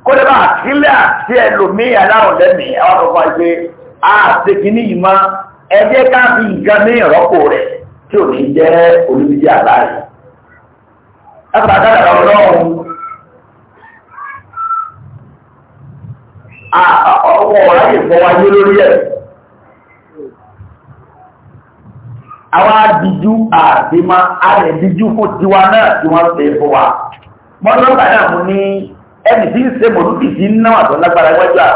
kó lè bá àkílẹ̀ àti ẹlòmí aláwọ̀ lẹ́mìí àwọn ọkọ̀ ìgbé àti ah, kìíní ìmọ̀ ẹgbẹ́ káàkiri ìgbà ní ìrọ́pò rẹ̀ tí ò ní jẹ́ olùdíje àláàrí. Ẹ̀fà dáadáa ọlọ́run ọwọ́ ọ̀ráyè fọwáyé lórí ẹ̀. Àwọn adìjú àdìmá àrẹ̀díjú fún tiwa náà tí wọ́n ṣe fún wa. Mọ́lọ́gbà mú ní ẹni tí ń ṣe mọ̀lúkì sí náà tó lágbára wájú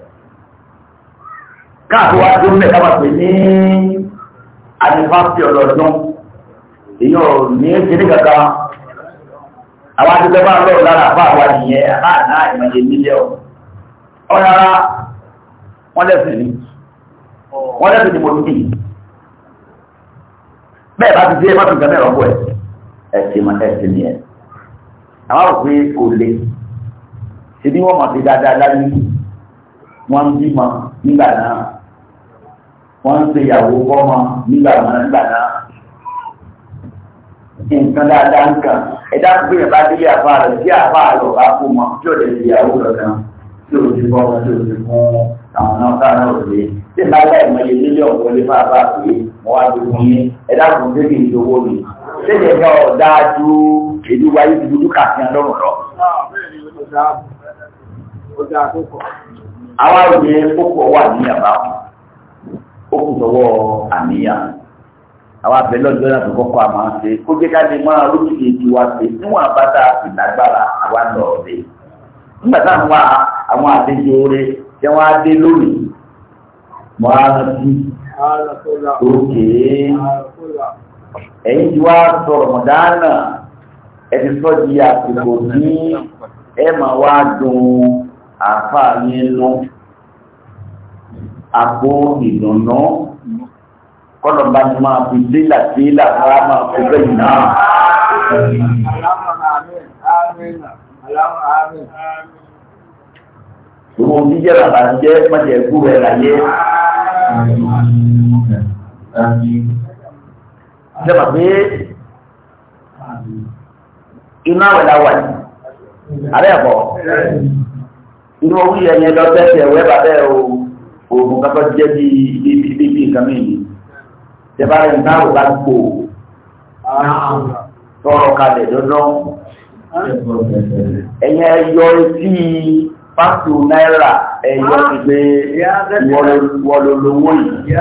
káàkiri wá tó mẹ́ta wà pé ní anifásitì ọlọ́dún èèyàn ò ní kíní kankan àwọn àti bẹ́ẹ̀ bá ń lọ́rùn lára àbá àwa nìyẹn àná ìmọ̀ye mílíọ̀nù ọ̀rọ̀ ara wọ́n lẹ́sìn ní wọ́n lẹ́sìn ní mo ti dì bẹ́ẹ̀ bá ti dé bá ti gbà mẹ́rọ̀ ẹ̀ ẹ̀sìn mọ̀ ẹ̀sìn ni ẹ̀ àwọn àwọn pé kò le ṣe bí wọ́n mọ̀ sí dáadáa lálẹ́ wọ́n ń bímọ nígbà náà wọ́n ń ṣe ìyàwó kọ́mọ nígbà náà nígbà náà nǹkan dáadáa nǹkan ẹ̀dá gbìyànjú bá délé àfa rẹ̀ sí àfa rẹ̀ bá kó mọ tí ò lè ṣe ìyàwó kankan tí ò ti bọ́ tí ò ti fún àwọn náà sáárà òde tí ìlà aláìmọye nílé ọ̀pọ̀ lè máa bá pé wọ́n wá dúró ní ẹ̀dá kò dé kí n dowó mi léde ẹ̀ka ọ̀dá ju èdè wáyé ti dúdú kàfihàn lọ́rùn lọ. àwọn òye kókó wà ní àbáwọn ó kù sọ́wọ́ àníyàn àwọn abẹ́lẹ́ ọjọ́ náà tó kọ́kọ́ àmọ́ ṣe kó jẹ́ ká lè máa lójúde tiwa ṣe níwọ̀n abáta ìlágbára àwa lọ ọ̀dẹ nígbà táwọn àwọn àdéjọ rẹ tí wọ́n á dé lónìí mọ́ á rántí òkè ẹ̀yìn tí wàá sọ̀rọ̀ mọ̀dánà ẹ ti sọ́ di àsìkò ní ẹ̀ máa wá dùn àǹfààní lọ́wọ́ àpò ìdùnnú kọlọmba ni máa fi léla léla ara máa fi bẹ́ẹ̀ náà. Gbogbo jíjẹ́ bàbá jẹ́ mọ̀jẹ̀ kú rẹ̀ láyé. Ìjọba pé iná rẹ̀ la wà yìí, àrẹ́ ẹ̀bọ̀, inú orí ẹ̀yẹn lọ tẹ́tẹ̀ ẹ̀wẹ́ bàbá ẹ̀ o oògùn kápá jẹ́ bí ibi nǹkan mìíràn tẹ́bá rẹ̀ ń dáàbò bá gbò tọrọ kalẹ̀ dandan ẹ̀yẹ ẹyọ etí pásítọ̀ náírà ẹ̀yọ ìgbé wọlọlọwọ yìí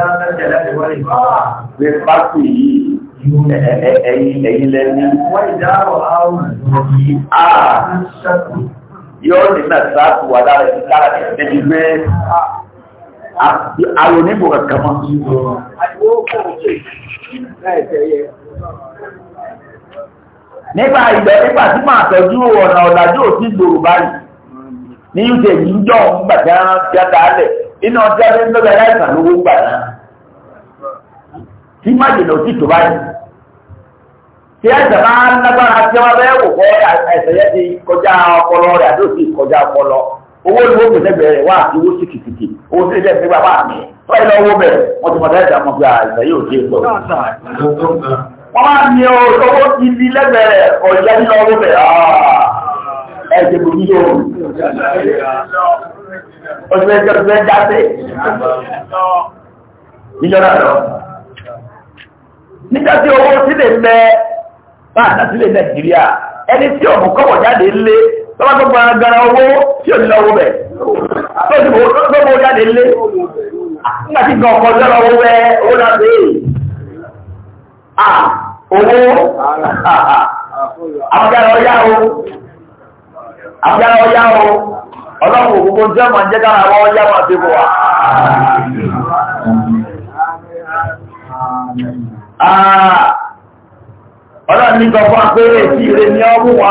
pé pásítọ̀ yìí ẹ̀yìn lẹ́ni yóò nígbà tí a kù wà lára ẹ̀ àwọn onímọ̀ kankan mọ́. nígbà ìgbẹ́ nígbà tí màá tọ́jú ọ̀nà ọ̀làjú òsì gbòòrò báyìí ní uk yìí ń jọ nígbà tí wọ́n ti dálẹ̀ nínú ọjọ́ tí ń lọ́gbẹ̀ẹ́ láìsàn lówó gbà náà tí má jìnà òsì tó báyìí tí ẹsẹ̀ máa ń lágbára tí wọ́n bẹ́ẹ̀ wò kọ́ ẹsẹ̀ yẹn ti kọjá ọpọlọ rẹ̀ owó ni wọ́n pèsè bẹ̀rẹ̀ wá àti owó sí kìkìkì owó sí ilé ìgbégbá wà ní tọ́yì lọ owó bẹ̀rẹ̀ wọ́n ti mọ̀ dáadáa mọ̀ pé àìsàn yóò dé pọ̀. wọ́n máa ní owó ibi lẹ́gbẹ̀rẹ̀ ọ̀jẹ́ nínú owó bẹ̀rẹ̀ ẹ̀jẹ̀ kò ní yóò ọ̀sẹ̀ ìjọba ẹ̀jẹ̀ dáṣe níjọba lọ. nígbà tí owó sílẹ̀ mẹ́ bá àdásílẹ̀ Nàìjíríà ẹni tí ọ̀bùn kọ́wọ̀ jáde lé tọ́lá tó gbara gara owó tí ò ní lọ́wọ́ bẹ̀ tó ti jáde lé nígbà tí gan ọkọ̀ lọ́wọ́ owó bẹ́ owó náà owó àbújára ọyá o àbújára ọyá jẹ́ màá jẹ́ kára àwọn ọyá máa fi bọ̀ Ah ọlọ́run ní gbọ́ fún apẹ́rẹ́ tí ire ní ọmú wa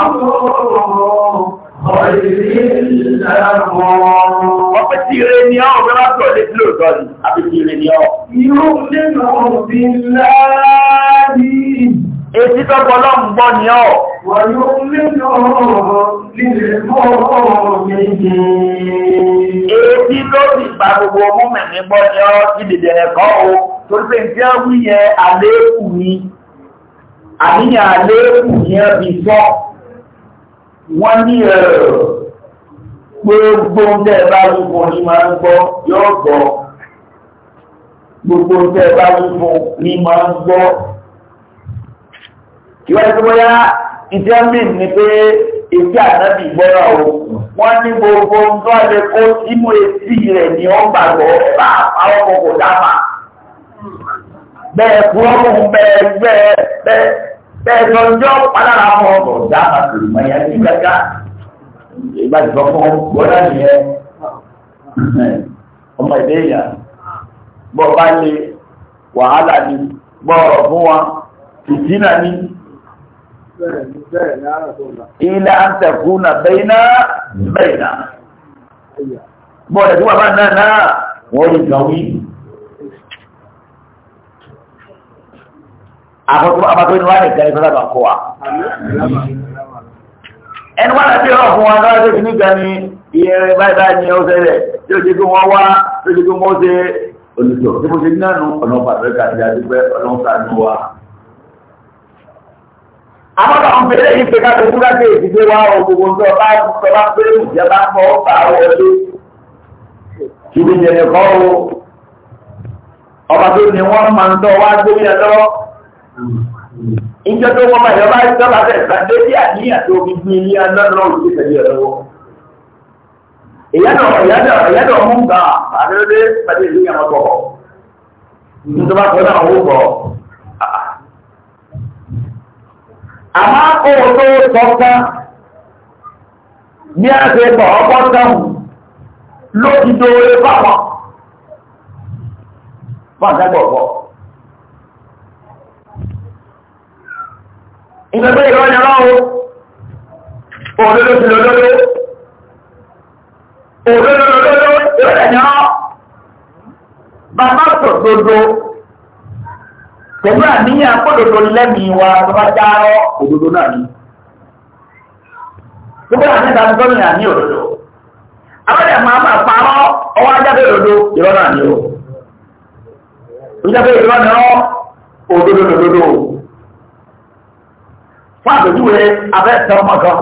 ọpẹ́ tí ire ní ọ ọ̀gbẹ́ bá tó lè tílò tọ́ ni àti tí ire ní ọ yóò nínú bí láàárí Èsí tọ́gbọ́ lọ́mù gbọ́ ni ọ. Wọ́n yóò nínú lílẹ̀ mọ́ méje. Èsí tó ti gbà gbogbo ọmú mẹ̀mí gbọ́ ni ọ ti dìdẹ̀ ẹ̀kọ́ o, torí pé ń tí ó àníyàn àléébù yẹn bí sọ wọ́n ní ẹ̀rọ gbogbo tẹ́ bá wípọ̀ ní máa ń gbọ́ yóò gbọ́ gbogbo tẹ́ bá wípọ̀ ní máa ń gbọ́ ìwádìí tó bóyá ìjẹ́mìn ni pé èsì ànábì gbọ́ra o wọ́n ní gbogbo nǹkan lè kó sínú etí rẹ̀ ní wọ́n gbàgbọ́ bá àwọn ọmọ dáma bẹ́ẹ̀ kúrọ́mù bẹ́ẹ̀ bẹ́ẹ̀ bẹ́ẹ̀ tẹ̀sán jọ padàrà fún ọkọ̀ dá àpàtì ìmọ̀ya ní gbàgbà ìgbà tí fọ́fọ́ gbọ́dá nìyẹn ọmọ ìdí èèyàn bọ́ bá lè wàhálà ni gbọ́ọ̀rọ̀ fún wa ìdínà ni ilẹ̀ àǹtẹ̀kù na bẹ́ẹ̀nà bẹ́ẹ̀nà bọ́ọ̀rẹ̀ tí wà bá náà náà wọ́n lè gbà wí akwai kuma amma kai wani gani fa ba kowa ẹni wọ́n láti rọ̀ fún wọn lọ́wọ́ tó fi ní gani iye rẹ̀ báyìí báyìí ní ọ̀sẹ̀ rẹ̀ tí ó ti kí wọ́n wá tó ti kí wọ́n ṣe olùsọ̀ tí mo ṣe ní àná ọ̀nà pàtàkì àti àdúgbẹ́ ọlọ́run sàánú wa. àwọn àwọn bèrè yìí pé ká tó kúrò wa o gbogbo ń tọ́ bá tọ́ bá pé ìjẹ́ bá mọ́ bá wọlé kí ni jẹ̀rẹ̀ kọ́ o ọba tó ní wọ́n máa ń tọ́ wá gbé Ìjọ tó wọ́n máa yọ bá ìjọba bẹ̀rẹ̀ sàdé bí àníyàn tó fi gbin ilé anáàlọ́ òṣìṣẹ́ tẹ̀lé ọ̀rọ̀ wọn. Ìyádọ̀ ìyádọ̀ ìyádọ̀ mú gbà àdéhùdé pàdé ìlú yàrá bọ̀. Ìjọba kan náà wó bọ̀. Àmọ́ kó o tó sọ tán bí a ṣe bọ̀ ọkọ̀ tán ló ti dòwe fáwọn. Fáwọn àgbọ̀ bọ̀. ìgbẹ́gbẹ́ ìrọ́ ni ọlọ́run òdodo sí lòdodo òdodo lòdodo ìrọ́lẹ̀ ni ọ́ bàbá sọ̀dodo pẹ̀lú àníyàn kódodo lẹ́mìí wa tó bá já ọ́ òdodo náà ni ní àwọn ẹ̀mọ́ fún àpèjúwe abẹ́ẹ̀tẹ̀ ọmọ kan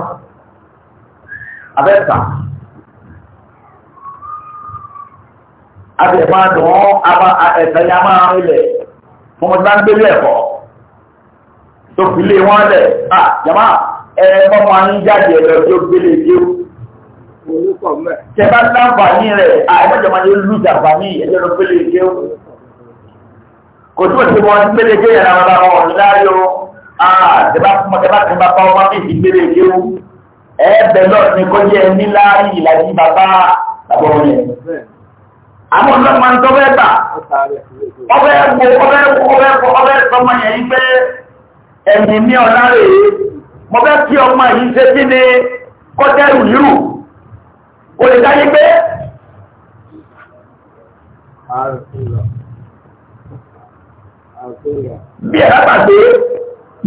abẹ́ẹ̀tà àti ẹ̀fọn àdùn ẹ̀tẹ̀ ni a máa ń lẹ̀ fún ọdún bá ń gbélé ẹ̀kọ́ tó fi lé wọn lẹ̀ à jàmá ẹ̀ẹ́dẹ́gbọ́n máa ń jáde ẹ̀lọ́ tí ó gbélé tí ó tẹ̀bá láǹfààní rẹ̀ àìmọ́jọ máa ń lù jàǹfààní ẹ̀jẹ̀ ló gbélé tí ó kò tí wọ́n ti wọ́n gbélé tí ó yẹn àdébà kúmọ̀débà tí bàbá ọmọ méjì gbére yíó ẹ̀ẹ́bẹ̀ lọ́ọ̀ ni kó yẹ ní láàrin ìlàjì bàbá bàbá ọmọ yẹn. àwọn ọlọ́mọ ní tọ́wọ́ ẹ̀bà ọbẹ̀ wo ọbẹ̀ wo ọbẹ̀ wo ọbẹ̀ sọmọ yẹn yí pé ẹ̀mí ní ọ̀la rèé mo fẹ́ kí ọmọ yìí ṣe kí ni kọ́tẹ́rù yìí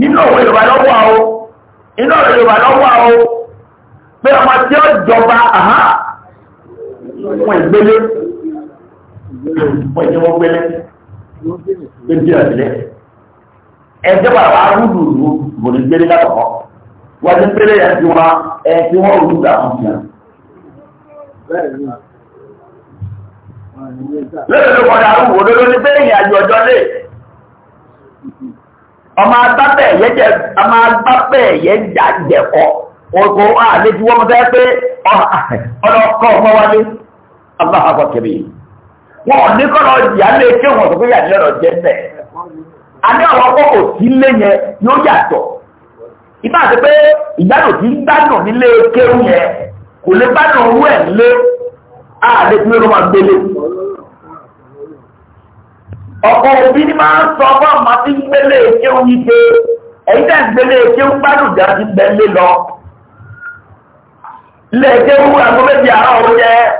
nínú òwe yorùbá lọ́wọ́ o nínú òwe yorùbá lọ́wọ́ o pé ọmọ tí ó jọba fún ìgbélé fún ìjẹ́wọ́ gbélé pé bí ọ̀sílẹ̀ ẹjẹ́ bàbá arúgbù ìlú bòlí gbélé látọ̀kọ́ wọ́n ti gbélé yẹn ti wọn ẹ ti wọ́n rú gbà ní bẹ́ẹ̀ ìrìn ọjọ́ lé ọmọ agbábẹ̀ ẹ̀yẹ́jẹ́ ọmọ agbábẹ̀ ẹ̀yẹ́jà jẹ̀kọ́ ogun àlejò wọn fẹ́ pé ọlọ́kọ́ ọmọ wálé aláhàbọ̀ kiri wọn ò ní kọ́ lọ yà lé kí wọn tó fẹ́ yà ní ọ̀rọ̀ jẹ́ ọ̀rọ̀ ọkọ̀ kò sí lé yẹn yóò yàtọ̀ ìbá àti pé ń nílé kéwù yẹn kò lè owó ẹ̀ lé àlejò wọn gbélé. ọ̀pọ̀ òbí ni máa ń sọ fún ọmọ tí ń gbélé kéwú yí gbádùn jà ti gbẹ̀lé lọ. Ilé kéwú àgọ́ méjì àárọ̀ ó jẹ́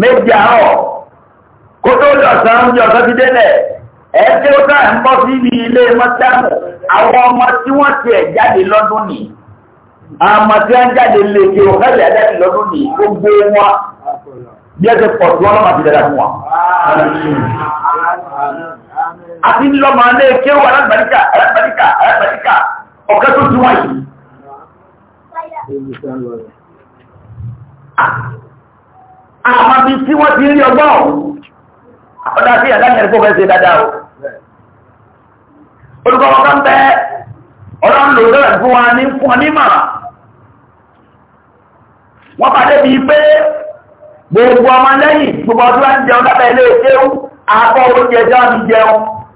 méjì àárọ̀ kó tó ọsọ ní ọ̀sán ti délẹ̀ ẹ̀ tí ó sáà ń bọ́ sí ibi ilé àwọn ọmọ tí wọ́n ti ẹ̀ jáde bí ẹsẹ̀ pọ̀ tí wọ́n lọ́mà ti dẹ̀dà fún wa. àti ńlọ́mà alẹ́ kéwù alágbàdíkà alágbàdíkà alágbàdíkà ọ̀kẹ́ tó ti wáyé. àmàbí tí wọ́n ti rí ọgbọ́n ọ̀dà sí àdáyẹ̀rẹ́ fún fẹ́ ṣe dáadáa o. olùkọ́ wọn kan bẹ́ẹ̀ ọlọ́run ló lọ́rẹ̀ fún wa ní fún ọ nímọ̀ wọ́n bá débi pé gbogbo ọmọ lẹ́yìn gbogbo ọdún láti jẹun lábẹ́ ilé ewu akọ oúnjẹ tí wọ́n ti jẹun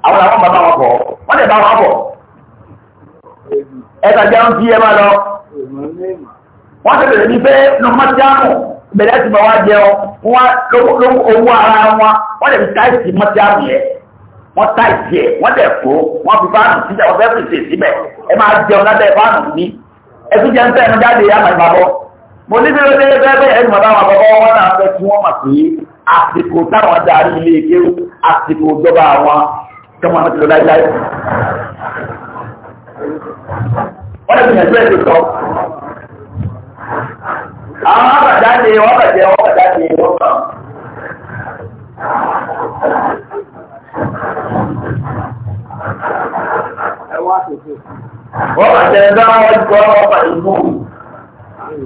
àwọn àwọn bàbá wọn bọ̀ wọ́n lè bá wọn bọ̀ ẹ̀ka jẹun tí ẹ máa lọ wọ́n ti bẹ̀rẹ̀ ní pé nọmọdéámù bẹ̀rẹ̀ ti bá wa jẹun wọ́n owó ara wọn wọ́n lè fi táìsì mọ́tíámù yẹn wọ́n táìsì ẹ̀ wọ́n lè kó wọ́n fi fáànù síbẹ̀ wọ́n fẹ́ fi síbẹ̀ ẹ máa jẹun lábẹ́ fáànù ní ẹ tún jẹun tẹ́ ẹ mo ní sílẹ̀ tẹ́lẹ̀ tẹ́lẹ̀ ẹni màdá àwọn àkọ́kọ́ wọn náà fẹ́ kí wọ́n mà pé àsìkò táwọn darí ilé kéwù àsìkò ìjọba àwọn ti lọ wọ́n lè sọ. àwọn ṣe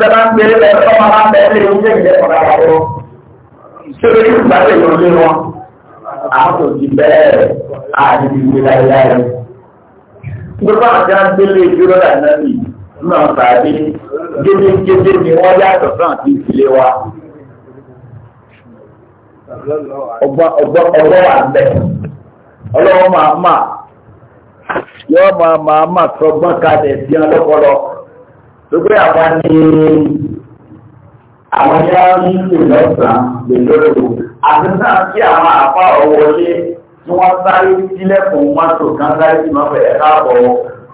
bẹ́ẹ̀ bá ń gbé lẹ́yìn tó máa ń bẹ́ẹ̀ lẹ́yìn tó ń gbé ọ̀dà àwọ̀ ṣé o ní ìgbà tó yọ lé wọn àwọn kò ti bẹ́ẹ̀ àti ìgbé láéláé. Gbogbo àwọn tí wọ́n gbé lé ìdúró rẹ̀ náà nì náà tàbí gédégédé ni wọ́n yàtọ̀ náà Ọgbọ́n wà ọlọ́wọ́ máa mà yọ́ máa máa mà tọgbọ́n kalẹ̀ sí ọlọ́pọlọ tó pé àwa ni àwọn yá ń lò lọ́sàn-án lè lọ́rọ̀ àti náà kí àwọn àpá ọ̀wọ́lé tí wọ́n sáré sílẹ̀kùn mọ́tò kan sáré sí máa fẹ̀ẹ́ káàbọ̀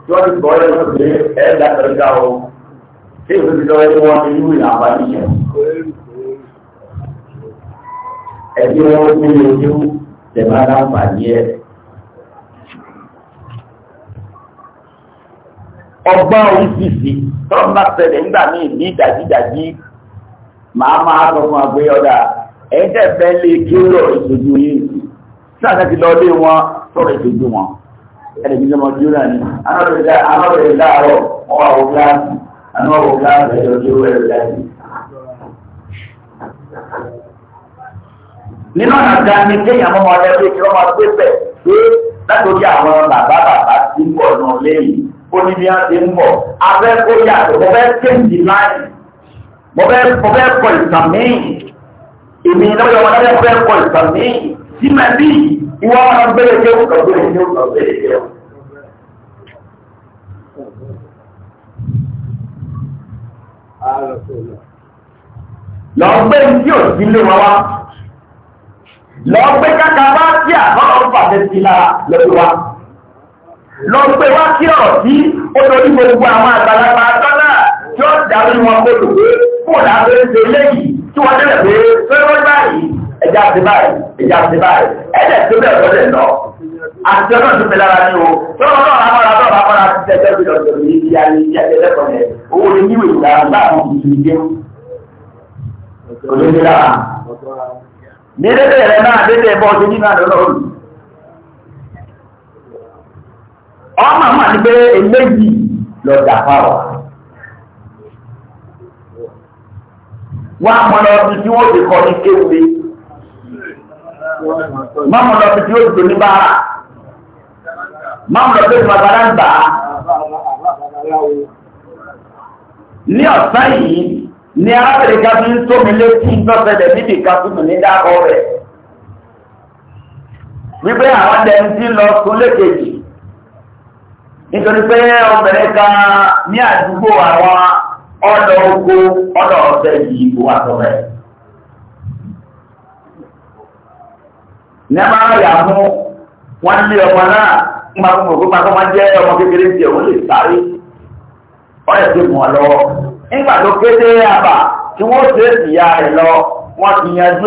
tí wọ́n ti bọ́ ẹ̀ lọ́sọ̀ pé ẹ̀ dàgbẹ́gà o tí èso ti lọ́wọ́ tí wọ́n ti lù ìlànà àbáyé yẹn. ẹ̀dínwó ní ojú tẹ̀mọ́ aláǹfààní ẹ̀. ọgbọ́n oríṣiríṣi tọ́lọ́ bá nígbà míì ní ìdájídájí màá máa sọ fún àgbé ọ̀dà ẹ̀ẹ́dẹ̀ fẹ́ kí ó lọ ìṣojú yìí sáà ti lọ lé wọn sọ̀rọ̀ ìṣojú wọn ẹ̀ẹ́dẹ̀ bí lọ́mọ tí ó rà ní láàárọ̀ gíláàsì ẹ̀yọ tí ó rẹ̀ ni kéèyàn mọ́mọ́ kí wọ́n máa gbé pé àwọn bàbá bàbá ń náà ní bí a ti ń bọ̀ abẹ́ kó yàtọ̀ mo fẹ́ kéǹdì láì mo fẹ́ kọ ìtàn míì èmi lọ́wọ́ wọn lọ́wọ́ fẹ́ kọ ìtàn míì tí mà bí ìwọ ọmọ gbélé ké òkè gbélé ké òkè gbélé ké òkè. lọ gbé tí ò sí lé wa wá lọ gbé tí àbọ̀ ọ̀fà tẹ̀sí lára lọ́dún wa lọ pé wá kí ọ̀rọ̀ sí ó lórí gbogbo àwọn àgbàlagbà sọ́nà tí ó dárí wọn kó lò pé kò lábẹ́ ṣe léyìí tí wọ́n dẹ̀rẹ̀ pé fẹ́rẹ́ báyìí ẹja ti báyìí ẹja ti báyìí ẹ̀jẹ̀ tó bẹ̀rẹ̀ lọ́dẹ̀ lọ àti ọ̀nà tó pẹ̀lára ní o tó lọ náà lábára tó lábára ti tẹ̀jọ́ bí lọ́dọ̀ ní ibi ayé ibi ayé lẹ́kọ̀ọ́ yẹn owó ní níwèé ìlànà láàmú ìdíje olóṣèlú náà ní dédé rẹ náà dédé bọ́ọ̀ṣe nínú ọmọ àmọ́ àti pé eléyìí lọ dà fáwọ̀ wọ́n á mọ̀ lọ bí tí wọ́n ti kọ́ ní kéwì wọ́n mọ̀ lọ bí tí wọ́n ti ní bára wọ́n mọ̀ lọ bí tí wọ́n bára ń bà á ní ọ̀sán yìí ní arábìnrin ká fi ń tómi létí ìtọ́sẹ̀lẹ̀ níbi ìkàtúmù ní dákọ̀ rẹ̀ wípé àwọn ẹni tí ń lọ sún lékejì nítorí pé obìnrin kan ní àdúgbò àwọn ọ̀dọ̀ oko ọ̀dọ̀ ọ̀sẹ̀ yìí kò wà sọ bẹ́ẹ̀. Nyẹ́mà yà mú wọ́n lé ọmọ náà nígbà tó mọ̀ pé pàtó máa jẹ́ ọmọ kékeré tí òun lè sáré ọ̀rẹ́ tó mọ̀ Nígbà tó àbà tí wọ́n ṣe é ìyá rẹ̀ lọ, wọ́n ti yanjú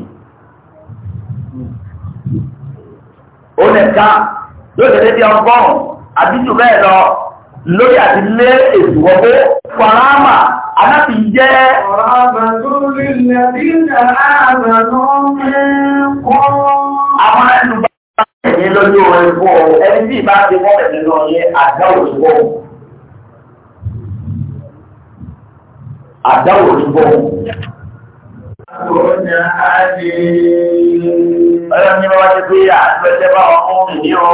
ó lè ká yóò tẹ̀lé bí ọgọ́rùn-ún àdíjù bẹ́ẹ̀ lọ lórí àti lé ètò ọgbó farama aláti jẹ́ àwọn ẹnubá ẹ̀yẹ lórí orin fún ọ ẹni Ọrịa ní wọ́n ti pé àtúnṣe bá ọkùn ní o.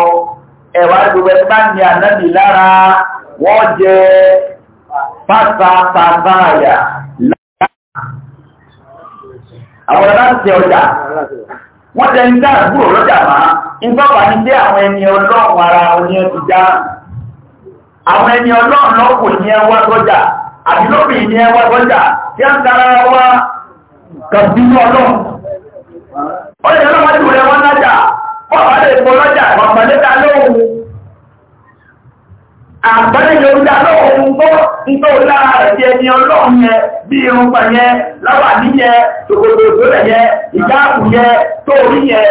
Ẹ̀wà gbogbo ẹ̀tí bá ní ànábì lára wọ́n jẹ pátápátá Àwọn ọ̀dá ń ọjà. Wọ́n lọ́jà máa. ní àwọn ẹni ọlọ́run ara ti já. Àwọn ẹni ọlọ́run kàbínú ọlọ́run. ó lè lọ́wọ́ tí wọ́n wọ́n lọ́jà wọ́n wà lè fọ́ lọ́jà àpàlẹ́ta lóhun àpàlẹ́jọ ń dá lóhun tó ń tó lára ẹ̀sì ẹni ọlọ́run yẹ bí irun pa yẹ láwà níyẹ tòkòtò ìtòlẹ̀ yẹ ìjáàkù yẹ tóorí yẹ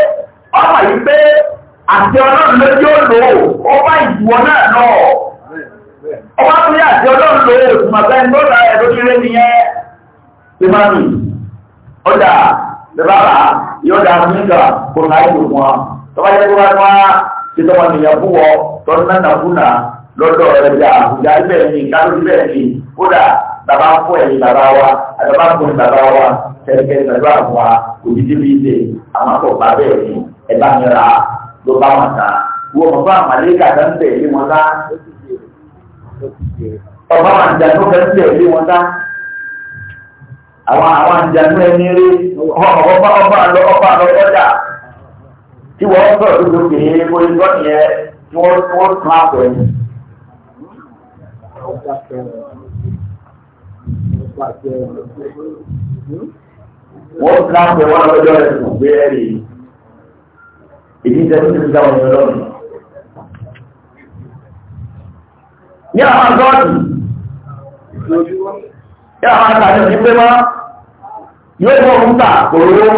ọmọ yìí pé àti ọlọ́run ló yóò lò ó bá ìdùwọ́ náà lọ ọmọ tó yà àti ọlọ́run lò ó ìtumọ̀ ọjà bàbá yóò dá nígbà kó náà yóò mú wa tọ́ba yẹ kó wá wá títọ́ wọn nìyẹn fún wọ tọ́nu náà nà fún náà lọ́dọ̀ ẹ̀dá àbújá bẹ́ẹ̀ ni kálórí bẹ́ẹ̀ ni kódà bàbá ń fún ẹ̀yìn bàbá wa àdàbà ń fún bàbá wa kẹ̀kẹ́ ìgbàlúwà fún wa òjijì bí ṣe àwọn akọ̀gbà bẹ́ẹ̀ ni ẹ̀bá mi ló bá wọn ta wọ́n mọ̀ fún àmàlẹ́kà tó ń tẹ̀lé wọn ta ọba wọn jà tó kẹ́ ń tẹ̀lé àwọn àwọn àjànú ẹni rí ọba ọba lọ ọba lọ ọjà tí wọ́n sọ̀rọ̀ tó gbé kéé bóyá lọ́nà yẹn tí wọ́n tí wọ́n tún àpò ẹni. wọ́n tún àpò ẹ̀wọ́n lọ́jọ́ rẹ̀ tó gbé ẹ̀rì èyí tẹ́lẹ̀ tó ti dá wọn lọ́nà. ní àwọn àgọ́dù yàrá àtàlẹ̀ ní pé máa yóò mọ̀ ń tà kòrò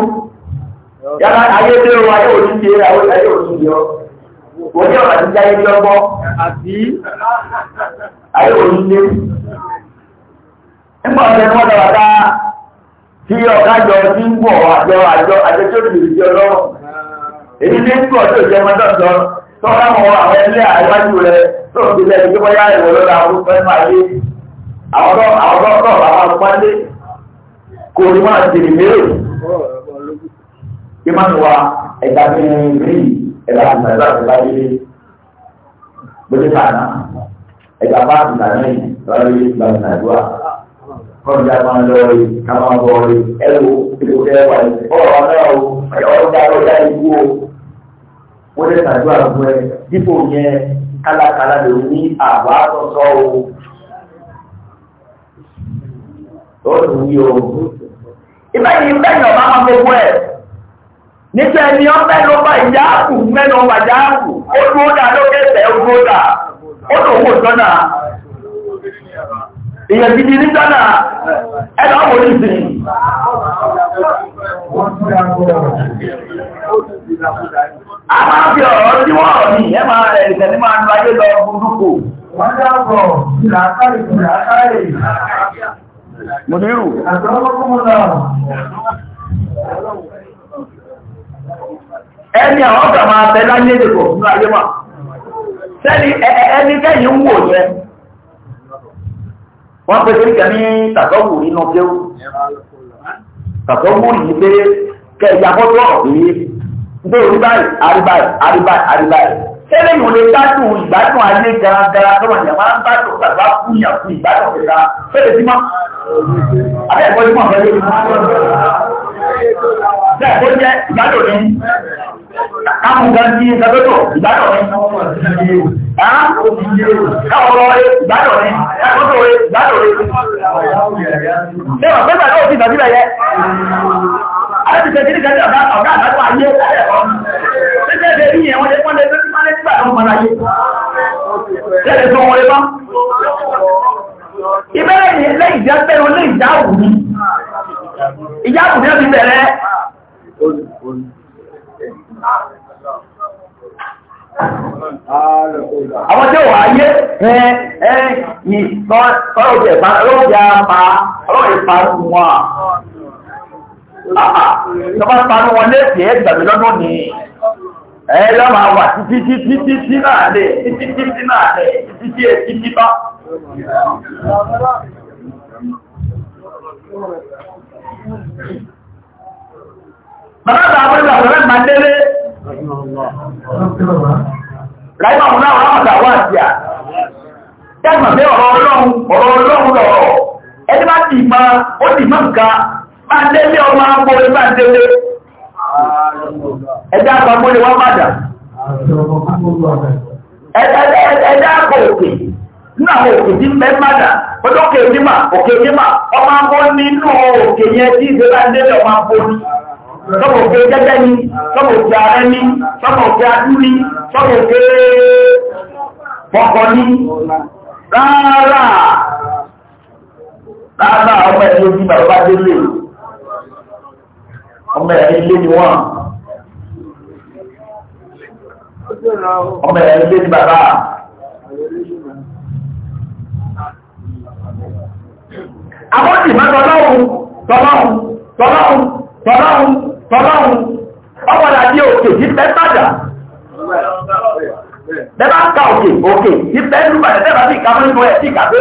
yàrá ayé tí ó ayé òní ṣe ayé òní yọ wọ́n ní ọ̀rọ̀ àti ayé lọ́gbọ́ àti ayé òní ṣe nígbà ọ̀sẹ̀ ni wọ́n dára dá tí ọ̀gá jọ ti ń bọ̀ àjọ àjọ àjọ tí ó lè di ọlọ́run èyí ní kúrò tó jẹ́ ọmọdé ọ̀dọ́ tó rámọ̀ àwọn ẹlẹ́ àìwájú rẹ̀ tó ń bilẹ̀ ìgbébọ́yá ìwọ̀lọ́dà àwọn fẹ́ẹ́ àwọn àwọn ọ̀rọ̀ àwọn apáńdé kò ní máa tèrè mérè kí máa wá ẹ̀dá fi rí ẹ̀dá àtìláyé àtìláyé gbẹ́dẹ́ kàná ẹ̀dá bá àtìláyé láyé láti nàìjíríà kọ́ni dá máa lọ rí ká máa bọ̀ rí ẹ̀rù ìlú kẹ́ wà ní ọ̀rọ̀ náà o ọ̀rọ̀ dá ọ̀rọ̀ ó dùn yìí o ibẹ̀ gbogbo ẹ̀ nípa ẹni ọ mẹ́nu ọba ìyáàkù mẹ́nu ọba ìyáàkù ó dúró dà lókè tẹ̀ ó dúró dà ó dùn wò sọ́nà gidi ní sọ́nà a máa fi mọ̀dẹ́rù ẹni àwọn ọ̀gá máa bẹ láyé lèkọ̀ fún ayé wà sẹ́ni ẹni kẹ́yìn ń wò yẹ wọ́n pèsè ìkẹ́ ní tàtọ́wù nínú kéwù tàtọ́wù yìí pé kẹ́ ìyàbọ̀ tó ọ̀rọ̀ yìí nítorí báyìí àríbáyìí àríbáyìí àríbáyìí tẹ́lẹ̀ yìí ò lè gbádùn ìgbádùn ayé garagara tó wọ̀nyẹ̀ máa ń gbádùn gbàgbá fún ìyà fún ìgbádùn kẹta fẹ́lẹ̀ sí mọ́. Abẹ́ ẹ̀kọ́ sí mọ̀ fẹ́lẹ̀ sí mọ́. Bẹ́ẹ̀ kó jẹ́ ìgbádùn ni. Káwọn gan ní ìgbàdọ̀tọ̀ ìgbádùn ni. Káwọn lọ rẹ ìgbádùn ni. Káwọn tó rẹ ìgbádùn ni. Ṣé wà pẹ́sà náà ti gbàdúrà yẹ? Àti tẹ̀sí tẹ́tẹ́ẹ̀dẹ̀ rí yẹn wọ́n lè ni ilé ìjà bẹ̀rẹ̀ olé ìjà wù mí. Ìjà ó ti bẹ̀rẹ̀. Àwọn tí ó wà ayé ẹ ẹ ìtọ́ ọ̀rọ̀ ìjẹ̀bá ọlọ́ọ̀dẹ̀ apá ọlọ́ọ̀dẹ̀ Ah, ah. tọ́ba parọ́ wọn lẹ́sìn ẹ̀ gbàgbé lọ́dún ni ẹ yọ wà títí títí tí náà lè títí títí náà lè títí ẹ títí bá. Bàbá àgbà àwọn ìgbàgbọ́ máa délé. Láìpẹ́ àwọn náà wọ́n àgbà wá sí à. Dẹ́gbàgbé ọ̀rọ̀ ọlọ́run ọ̀rọ̀ ọlọ́run lọ̀rọ̀. Ẹni bá ti ìmọ̀ ó ti mọ̀ nǹkan bá délé ọmọ agbó orí bá délé ẹjá àpapọ̀ orí wọ́n padà ẹjá àpọ̀ òkè nínú àwọn òkè tí mẹ́ padà ọjọ́ òkè nímà òkè nímà ọmọ agbó nínú òkè yẹn tí ìdè bá délé ọmọ agbó orí sọ́pọ̀ òkè gẹ́gẹ́ ni sọ́pọ̀ òkè ààrẹ ni sọ́pọ̀ òkè adú ni sọ́pọ̀ òkè pọ̀pọ̀ ni rárá rárá ọmọ ẹni ojú bàbá délé o ọmọ ẹ̀yà ilé ni wọ́n ọmọ ẹ̀yà ilé ni bàbá àwọn ti máa tọ́lọ́hun tọ́lọ́hun tọ́lọ́hun tọ́lọ́hun tọ́lọ́hun ọmọdà bí òkè tí pẹ́ bàjá bẹ́bá ń ka òkè òkè tí pẹ́ lúbàjá bẹ́bá sí ìkàmọ́ nínú ẹ̀ sí ìkàgbé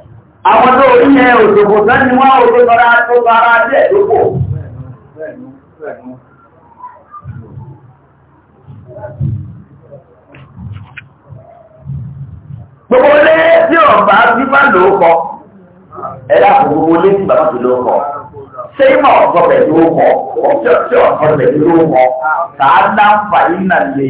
àwọn tó ń yẹ òṣòfò sẹ́ni wá òṣò tọ́ra tó bára jẹ́ lókò. Gbogbo lé tí ọ̀bá bí bá lò ó kọ, ẹ̀dá kò gbogbo lé tí bàbá fi lò ó kọ. Ṣé ìmọ̀ ọ̀gọ́ pẹ̀lú ó tí ọ̀gọ́ pẹ̀lú ó kọ, tàá lè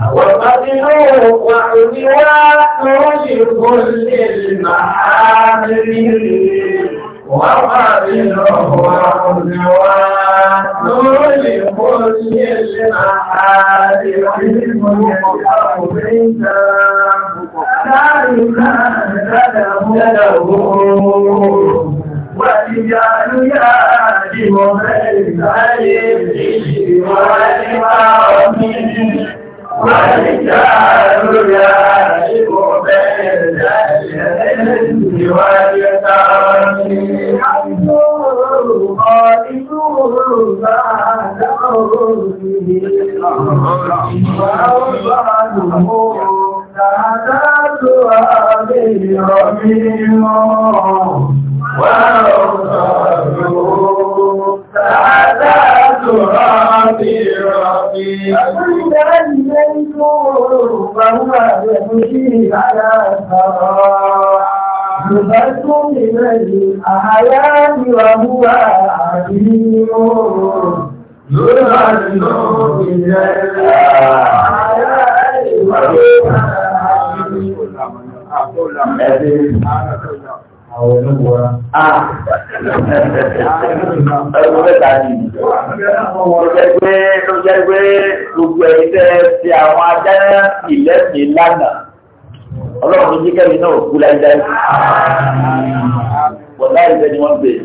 ومجنون وعدوان لكل المحامل ومجنون وعدوان لكل المحامل وَإِجْعَلُ يَا جِمُ مَنْ عَلِمْ حكيم ذو العلم جل Àwọn olùwà. Ẹgbẹ́ mẹ́ta ni. Ẹgbẹ́ tó jẹ́ pé gbogbo ẹ̀ṣẹ́ ti àwọn ajá ìlẹ́sìn lánàá. Ọlọ́run jíkẹ́ mi náà kú láíláí. Wọ̀lá ìbẹ̀ ni wọ́n bèèrè.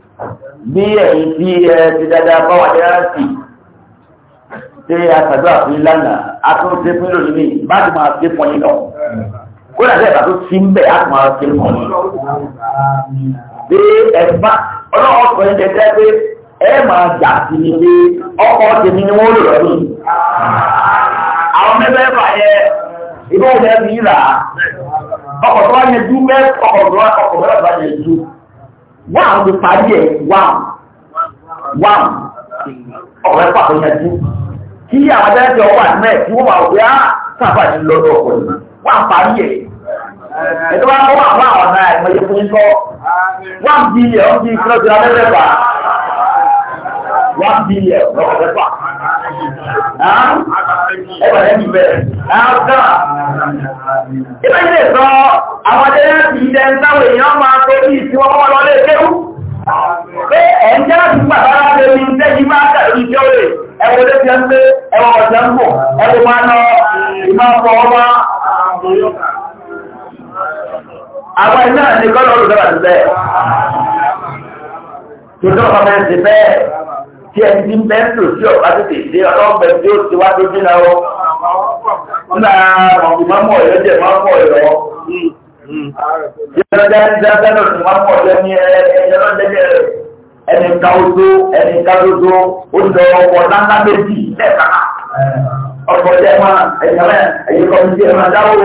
bí ẹ̀yin tí ẹ ti dáadáa bá wà dárántì ṣe àtàdúrà fún ìlànà àtúnṣe fún ìròyìn ní bá ti máa ṣe fún yín lọ kó dàbí ẹ̀ka tó ti ń bẹ̀ á máa ṣe fún yín lọ. bí ẹ̀fà ọlọ́wọ́ sọ yín dẹ́gbẹ́ pé ẹ máa jà sí ni pé ọkọ̀ tèmi ni wọ́n lò lọ́dún. àwọn mẹ́fẹ̀ẹ́fà yẹ ìbọn òun ẹ̀ rà ọkọ̀ tó wá yẹ ju mẹ́ ọkọ̀ tó wá ọkọ̀ tó wá yẹ ju wá àti parí ẹ̀ wá wá ọ̀rẹ́ pàtó yẹn kí àwọn adájọ́ wà nínú ẹ̀ wọ́n máa wí ah, á ẹ̀ ẹ̀tọ́ bá wà wá ọ̀nà ẹ̀mọ̀ye fún ikọ́ wá ẹgbẹ̀rẹ̀ mi bẹ̀rẹ̀ ọ̀gá ìbẹ̀rẹ̀ sọ àwọn jẹ́rẹ́ ti jẹ́ ń táwọn èèyàn máa tó bí ìsí wọ́n mọ́ lọ́lé kéwú pé ẹ̀ ń jẹ́rẹ́ ti pàtàkì láti ẹni tẹ́ yí máa kẹ̀rù iṣẹ́ òye ẹwọ lé jẹ́ ń pé ẹwọ ọ̀jẹ́ ń bọ̀ ẹwọ máa lọ ìmọ̀ ọkọ̀ ọba àwọn iná ní kọ́lọ̀ ti bẹ́ẹ̀ tí ẹni tí ń bẹ́ ń sí ọ̀pá tètè dé ọlọ́ọ̀bẹ tí ó ti wá lójú náà wọ́. Nígbà ìmọ̀mọ̀ ọ̀yọ́ jẹ́ ìmọ̀mọ̀ ọ̀yọ́. Ìjọba ìjọba náà ti máa ń pọ̀ lẹ́ni ẹ̀ẹ́dẹ́gbẹ̀rẹ̀ ẹni ká ojú ẹni ká lójú ó lọ náà méjì lẹ́ẹ̀ka. Ọkọ̀ jẹ́ máa ẹ̀yìn rẹ̀ ẹ̀yìn kan ti ẹ̀rọ dáwọ́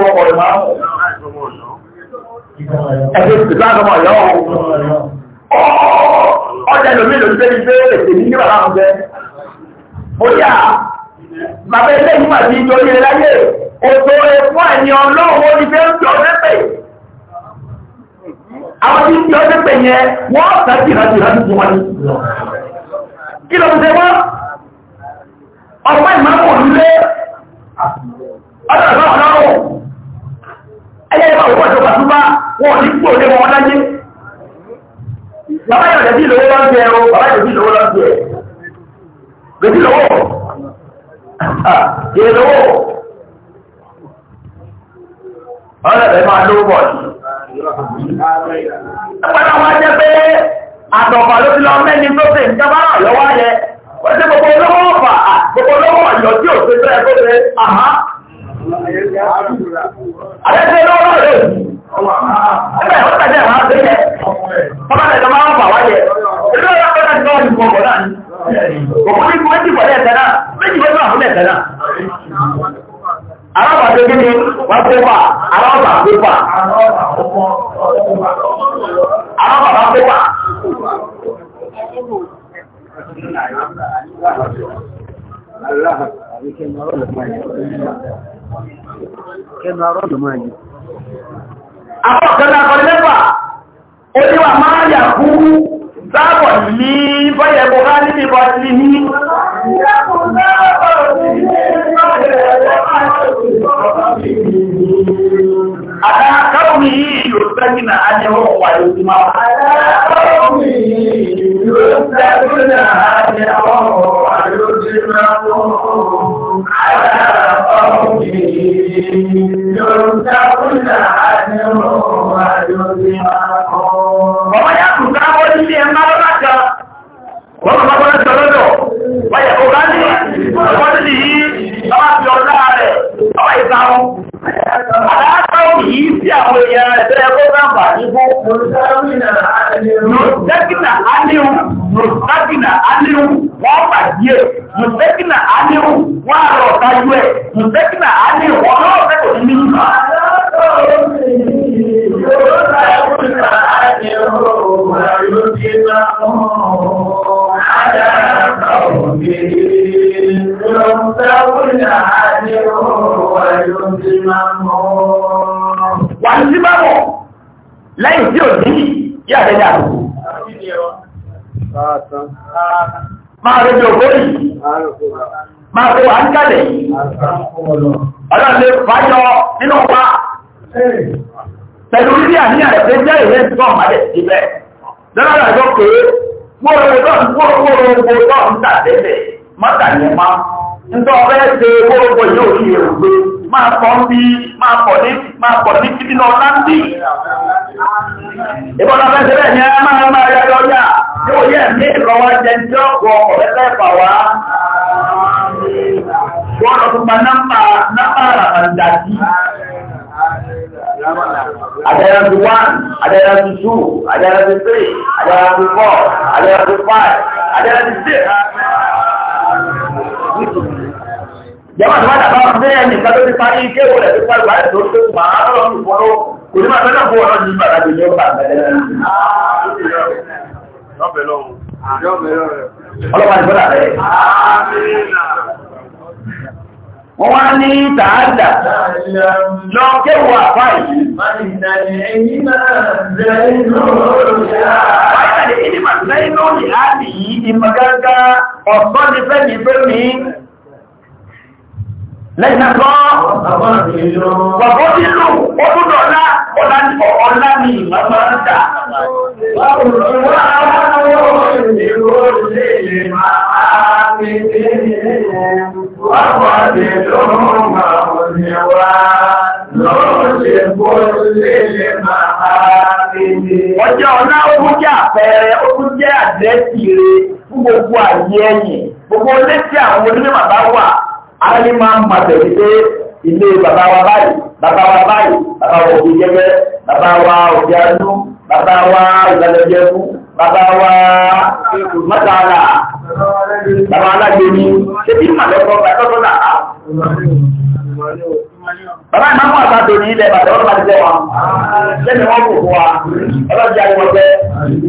ọjà lómi lòdì pé pé èmi ní bàbá àwọn bẹ ó yà bàbá ilé yìí mà ti jọ ilé láyé ètò ẹ̀fọ́ ẹ̀yìn ọlọ́run ní fẹ́ ń jọ lẹ́pẹ̀ àwọn tí ń jọ lẹ́pẹ̀ yẹn wọ́n kà jìnnàjì láti fún wọn ni kí ló ń ṣe wọ́n ọ̀pọ̀ ìmáàmù nílé ọ̀dọ̀ ìmáàmù náà ẹ̀yẹ́ ìbáwọ̀ pọ̀ ìjọba tó bá wọn ò ní kúrò lé wọn láyé bàbá yóò dẹ̀bí lówó lọ́n jẹ o bàbá yóò dẹ̀bí lówó lọ́n jẹ dẹ̀bí lówó jẹ lówó ọ̀rẹ́ rẹ̀ máa lówó bọ̀ ní. ẹgbẹ́ra wọn jẹ́ pé àtọ̀fà ló ti lọ mẹ́ni tó ṣe nǹkan bá ràn lọ́wọ́ yẹ wọ́n ti gbogbo olówó ọ̀fà gbogbo olówó ọ̀yọ́ tí ò ṣe fẹ́ tó ṣe àmá. àyẹ̀ṣẹ́ lọ́wọ́ rẹ̀ ẹ̀bẹ̀ ó tẹ̀lé àwọn àgbẹ̀yẹ ọba tẹ̀lé máa ń fà wáyé ìlú ọ̀la pẹ́ta ti bọ́ọ̀lù fún ọ̀bọ̀ náà ni òkú ní kú méjì bọ̀lẹ̀ ẹ̀tẹ̀ náà méjì bọ́ọ̀lù àwọn ẹ̀tẹ̀ náà. alábàáṣe kí ni wọ́n pé wà alábà pé wà alábà pé wà. Kí ni arọ́lùmọ́ yìí? àpọ̀ kan náà kọ́ nípa oníwà máa yà kúrú Sáàbọ̀ ní bọ́yẹ̀ bọ́ ká níbi bọ́ sí ní. Àdá káwùmí yìí yóò sẹ́kì náà ajẹ́wọ́ wà yóò ti máa. Àdá káwùmí yìí yóò sẹ́kì náà ajẹ́wọ́ wà yóò ti máa. Àdá káwùmí yìí yóò sẹ́kì náà ajẹ́wọ́ wà yóò ti máa. Ọmọ yàtùká mọ́lọ́lá kan wọ́n mọ́ mọ́lọ́lá kan lọ́dọ̀ wáyẹ̀ kó bá ní ọgbọ́n ti yí ọba fi ọ̀dá rẹ̀ ọba ìsáwọn aláàtọ̀ yìí sí àwọn èèyàn rẹ̀ tẹ́lẹ̀ kó bá bà ní fún nùtẹ́kìnà ánírù nùtẹ́kìnà ánírù wọ́n bà díẹ̀ nùtẹ́kìnà ánírù wọ́n kò ní nínú lẹ́yìn tí ò ní yà rẹ̀ dà máa rẹ̀ jọ kórì máa rẹ̀ wà ń kálẹ̀ ọlọ́lẹ̀ fàájọ nínú wa pẹ̀lú rí àníyàn rẹ̀ jẹ́ ìwé ìtọ́ àmàlẹ̀ ìbẹ̀ lọ́rọ̀ àjọ pé wọ́n rẹ̀ máa pọ̀ bí máa pọ̀ ní máa pọ̀ ní kíbi lọ láńdì ìbọn ọ̀fẹ́ sílẹ̀ ní a máa máa yọ lọ́jà tí ó yẹ ní ìrọwọ́ jẹ jẹ́ ọ̀pọ̀ ọ̀rẹ́lẹ́ fà wá wọ́n lọ tó pa nọ́mbà nọ́mbà ràmàndàjì Àdára ti one, àdára ti two, àdára ti three, àdára ti four, àdára five, àdára six jẹ́wọ́n tó bá dàbá wọn bẹ́ẹ̀ nìkan tó ti parí ike wò lẹ́sí parí wà lẹ́sí tó tó máa ń lọ́ọ́ fún ọ́ kò ní máa fẹ́ náà fún ọ́ ní bàtà tó yọ bàtà lẹ́yìn. ọlọ́pàá ìgbọ́dà rẹ̀. wọ́n wá ní tààdà lọ kéwò àpá yìí. Báyọ̀ ni ìdí màtí lẹ́yìn lónìí á nìyí lẹ́yìn náà kọ́ wàbọ́ nínú ọdúnlọ ọ̀la ọ̀la ọ̀la ni ìmọ̀ máa ń dà. Ọjọ́ ọ̀la ogun jẹ́ àpẹẹrẹ, ogun jẹ́ àdẹ́sì rẹ̀ fún gbogbo àyè ẹ̀yìn, gbogbo létí àwọn onímọ̀ bá wà ààrẹ máa ń pàtẹ wípé ilé bàbá wa báyìí bàbá wa báyìí bàbá wa òbí jẹgbẹ bàbá wa òbí anú bàbá wa ìgbàlẹjẹkú bàbá wa mọtàlá bàbá alágbèmí ṣébí màlẹkọ bàtọtọ náà. Bàbá ìmá mú àtàdé ní ilẹ̀ bàtà ọ̀rọ̀ àti ẹwà. Lẹ́nu wọn kò fún wa, ọlọ́dí ayé wọn bẹ́.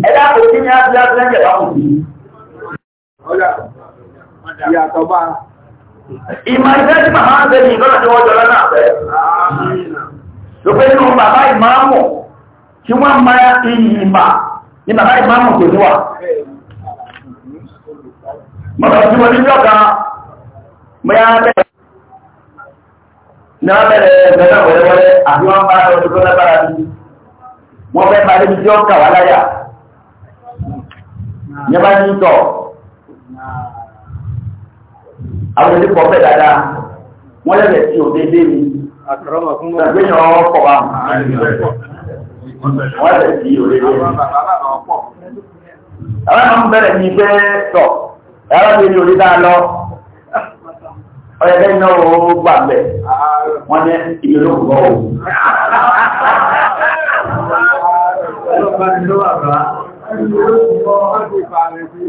Ẹ̀dá kò kí ni á ti á ti lẹ́jẹ̀ bá kù sí. Ìyàtọ̀ bá a ìmọ̀ iṣẹ́ tí bàbá ń ṣe ní ìgbọ́nà tí wọ́n jọ lọ́nà àbẹ́ lópe nínú bàbá ìmáàmù tí wọ́n ma iyì ìmà ní bàbá ìmáàmù tó níwà mọ̀tọ̀ tí wọ́n níjọ́ kan mọ́yá bẹ̀rẹ̀ ní wọ́n bẹ̀rẹ̀ bẹ̀rẹ̀ wẹ́rẹ́wẹ́rẹ́ àbí wọ́n bá lọ sí kọ́lá bára bí wọ́n fẹ́ parí bí tí ó kà wá láyà ní bá ní tọ̀ àwọn ẹni kọ fẹ́ dáadáa wọ́n lẹ́bẹ̀ẹ́ tí ò déédéé mi ṣàgbéyàn ọkọ̀ wa wọ́n lẹ́bẹ̀ẹ́ tí ò déédéé mi. àwọn ẹ̀ma bẹ̀rẹ̀ ní pé tọ̀ ẹ̀rọ mi ní orí lọ ọ̀yẹ̀dẹ́ iná wo gbà bẹ̀ wọ́n ní ìlú ló kọ̀ o.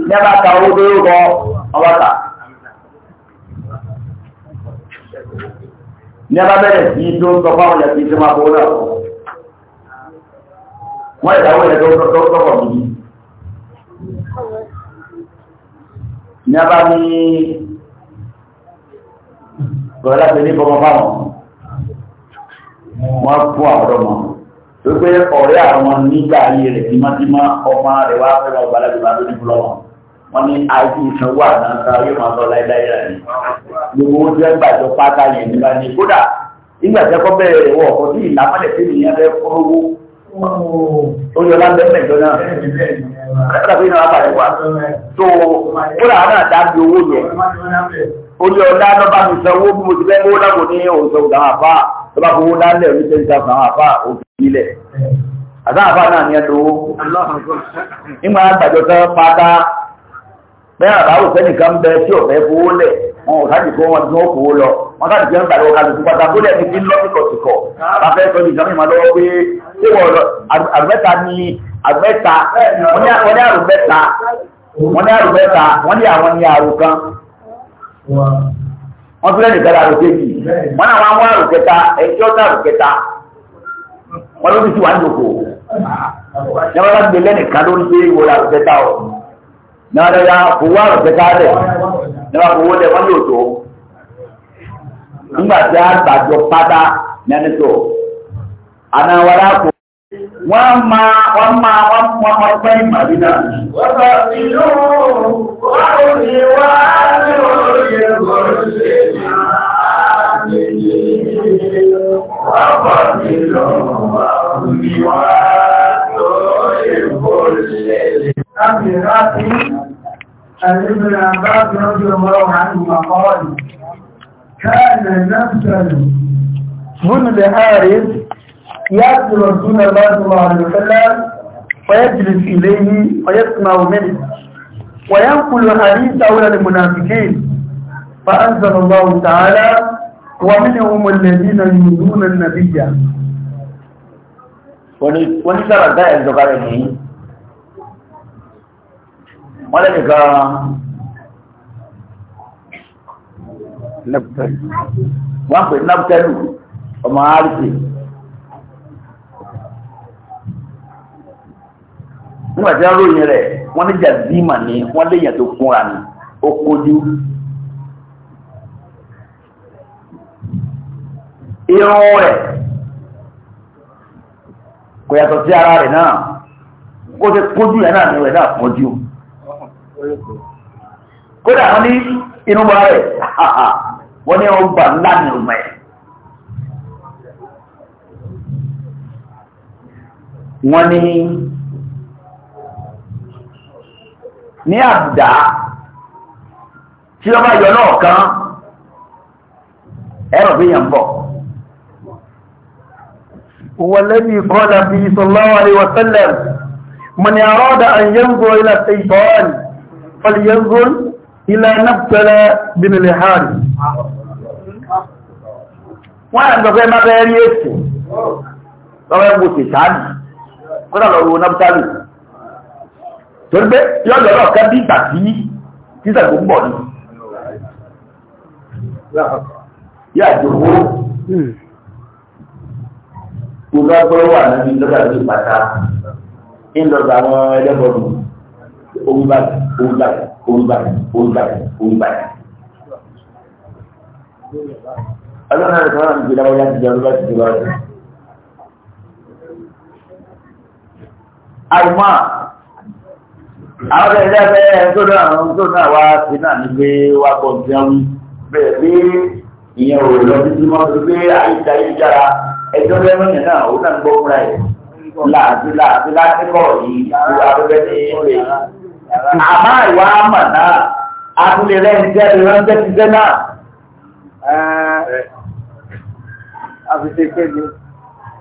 Nyɛ b'a ta o do yóò kɔ, ɔba ta. ní abá bẹ̀rẹ̀ sí tó ń sọ fáwọn ẹ̀sìn tó máa bọ́ náà wọ́n ìdáwó ẹ̀ tó sọ́kọ̀ gidi ní abá ní bọ̀dá pé ní bọ́mọ fáwọn wọ́n fún àwọn ọmọ tó pé ọ̀rẹ́ àwọn nígbà ayé rẹ̀ tímátímá ọmọ rẹ̀ wá fẹ́ wọ́n ní àìsí ìsanwó àdáńtà yóò máa sọ láíláí ni gbogbo owó tí wọ́n gbàjọ pátá yẹn nígbà ní kódà nígbà tí ẹkọ bẹ̀rẹ̀ wọ ọkọ̀ tí ìlàmọ́lẹ̀ tí ènìyàn fẹ́ fọ́nowó ó yọ lábẹ́ mẹ́jọ náà ẹ̀kọ́dà pé ìnáwó àbàlẹ̀ wà tó kódà wọn náà dá bí owó yẹn ó yọ lánà bá mi sanwó bí mo ti fẹ́ owó lágbo ní òòsàn òdà àwọn àfà tó fowó lálẹ́ orí tẹ́lifíṣà fún àwọn àfà òkè ilẹ̀ àtàwọn àfà náà ní ẹ bẹ́ẹ̀ àbáwò sẹ́nìkan bẹ tí ò fẹ́ fowó lẹ̀ wọn ò sáàjì kó wọn tí wọ́n fowó lọ wọn sáàjì jẹun gbàdúrà kan lùkú pátá kó lẹ́ni tí ń lọ tìkọ̀tìkọ̀ bá fẹ́ sọ nìkan mímọ́ lọ́wọ́ pé ṣé wọ́n lọ àrùbẹ́ta ni àrùbẹ́ta wọ́n ní àrùbẹ́ta wọ́n ní àrùbẹ́ta wọ́n ní àwọn ní àrùn kan wọ́n tún lẹ́nìkan láàrú kéjì wọ́n náà wọ́n àwọn àrùn ẹjọ́ àrùn kẹta wọ́n ló ti ti wà ń na da ya kowa da ta kare na ba kowa da wani oto in ba ta gbàjọ pátá nẹni tó àná wàrà kò wọ́n máa wọ́n máa wọ́n mọ́ ọgbẹ́ ìmàlínà wọ́n bá fi wọ́n ní wá ní wọ́n bá fi ní أبي راسي عن ابن عباس رضي الله عنهما قال كان نفسا بن بحارث يأتي رسول الله صلى الله عليه وسلم ويجلس إليه ويسمع منه وينقل حديث أولى المنافقين فأنزل الله تعالى ومنهم الذين يؤذون النبي ونسبة ذلك wọ́n lẹ́nu gan wọ́n pè nápẹ́lú ọmọ àríkì nígbà tí wọ́n ròyìn rẹ̀ wọ́n ní jàdímà ni wọ́n léèyàn tó kúnra ni ó kójú irun rẹ̀ kò yàtọ̀ sí ara rẹ̀ náà kó ṣe kójú yẹn náà ni rẹ̀ náà kọjú kódà wọn ní inú bọ́ rẹ̀ wọ́n ní ọgbà ńlá ní ọmọ ẹ̀ wọ́n ní ní àbùdá tí ọba yọ náà kan ẹ̀rọ bí yàn bọ̀ والذي قال النبي صلى الله عليه وسلم من أراد أن ينظر إلى الشيطان فلينظر إلى نبتلى بن الحارث wọ́n yà ń sọ pé má bẹ́ẹ̀ rí èsì lọ́wọ́ ẹ̀ wò sí sáàdì kódà lọ́wọ́ owó nábútálì torí pé yọ̀dọ̀ náà kẹ́ bí ìgbà tí títà tó ń bọ̀ ni yà jòkó mo bá gbọ́ wà níbi lọ́dà tó ń bàtà ń lọ́dà àwọn ẹlẹ́gbọ̀dùn òun báyìí òun báyìí òun báyìí òun báyìí òun báyìí. ọlọ́run náà sọ̀rọ̀ àti ìjọba ọ̀yá ti jẹun lọ́sí ìjọba ọ̀yá. àìmọ́ àwọn ọ̀dọ́ ẹ̀dá bẹ́ẹ̀ tó náà tó náà wá sí náà ní pé wá bọ̀ jẹun bẹ́ẹ̀ pé ìyẹn ò lọ títí mọ́ tó pé àyíká yìí jára ẹjọ́ lẹ́nu yẹn náà ó náà ń gbọ́ fúnra ẹ̀ láàbí láàbí láti kọ́ yìí ìlú abẹ́bẹ́ ní ìwé yìí àmá ìwà àmà náà àtúnlé rẹ́ǹjẹ́ rẹ́ǹjẹ́ ti jẹ́ náà. àfìṣe pé mi.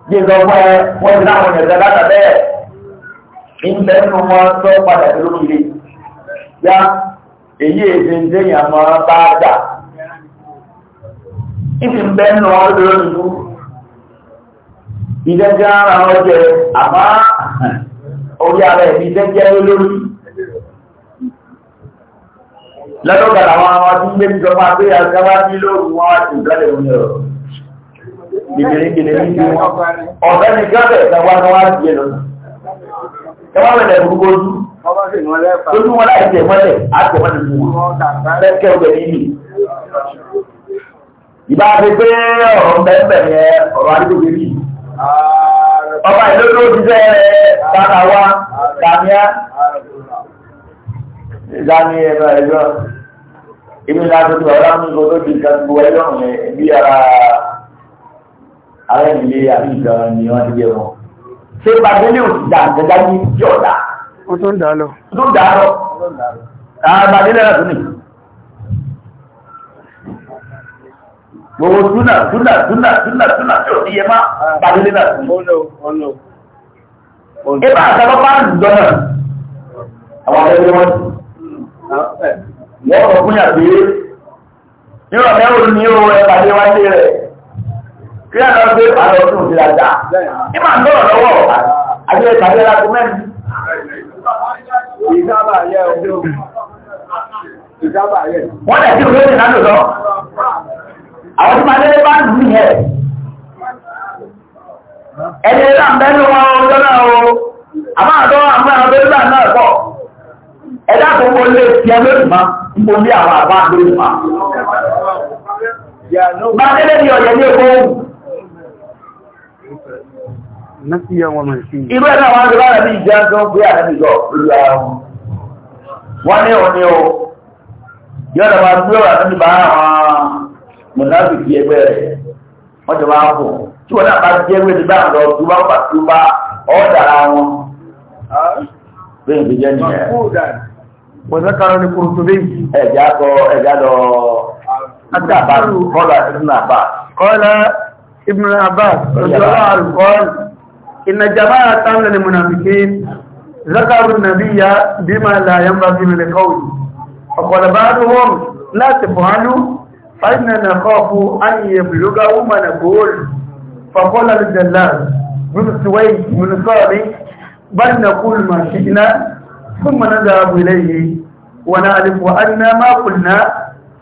bí lọ wọ ẹ wọ́n ti láwọn ẹ̀dá láta bẹ́ẹ̀ ìgbẹ́ nínú wọn tó padà tó lókè yá èyí èdè ń dẹ́yìn àmọ́ bá dà. ìdí ń bẹ́ nínú wọn lórí ìlú ìdẹ́jẹ́ ara wọn jẹ àmọ́ orí ara ẹ̀mí ìdẹ́jẹ́ lórí lọ́dọ̀gbà àwọn àwọn tí ń gbé ìjọba pé àgbàwá ní lóòrùn wọn àti ìgbàlẹ̀ òní ọ̀rọ̀ ìbìnrin kìnnì ní bí wọn ọ̀fẹ́ ni gọ́ọ̀fẹ́ wọ́n ọba ìlódó òṣìṣẹ́ bàtà wa dàmíà dàmíà ẹ̀rọ ẹ̀rọ ibi ńlá tó ti wà lọ́wọ́ ní gbogbo ti nǹkan gbogbo ẹ lọ́rùn yẹn bí ara ara ìdílé àbí nǹkan ni wọ́n ti jẹ́ wọn. ṣé bàbélé ò ti dà gẹ́gá ní ìdí ọ̀dà. ó tó ń dà lọ. ó tó ń dà lọ. bàbélé náà tó nì. gbogbo túnà túnà túnà túnà túnà tí ò ti yẹ má bàbélé náà tó nì. ẹ bá àtàwọn bá ń dọ́nà àwọn ọ̀rẹ́ wọn wọ́n sọ fún yàgbé níwọ̀n mẹ́wòó ni ó ẹ pàdé wáyé rẹ̀ kí á lọ gbé ti dáadáa ní màá lọ́rọ̀ lọ́wọ́ àti ẹ pàdé ìjábà yẹ ọjọ́ ìjábà yẹ. wọ́n lẹ̀ sí òwe ní lè fi ẹ lóṣù Mo ní àwọn àbá àgbèrè wa. Bàtẹ́lẹ̀ ni ọ̀yẹ́ ní epo ohun. Irú ẹ̀dá wọn lọ́wọ́ rẹ̀ bí ìjẹ́ ń gbé àrẹ́bí lọ wọn. Wọ́n ní òní o, yọ́dọ̀ máa gbé ọ̀rọ̀ àti bá àwọn mọ̀nàbìkì ẹgbẹ́ rẹ̀. Wọ́n jọ máa ń fò. Tí wọ́n náà bá jẹ́ wé nígbà lọ tó wọn. Bẹ́ẹ̀ وذكر القرطبي اجاكو اجالو حتى عباس قال ابن عباس قال ابن عباس رضي الله عنه قال ان جماعه من المنافقين ذكروا النبي بما لا ينبغي من القول فقال بعضهم لا تفعلوا فاننا نخاف ان يبلغه ما نقول فقال الجلال بن سويد بن صالح بل نقول ما شئنا ثم نذهب اليه ونعرف أن ما قلنا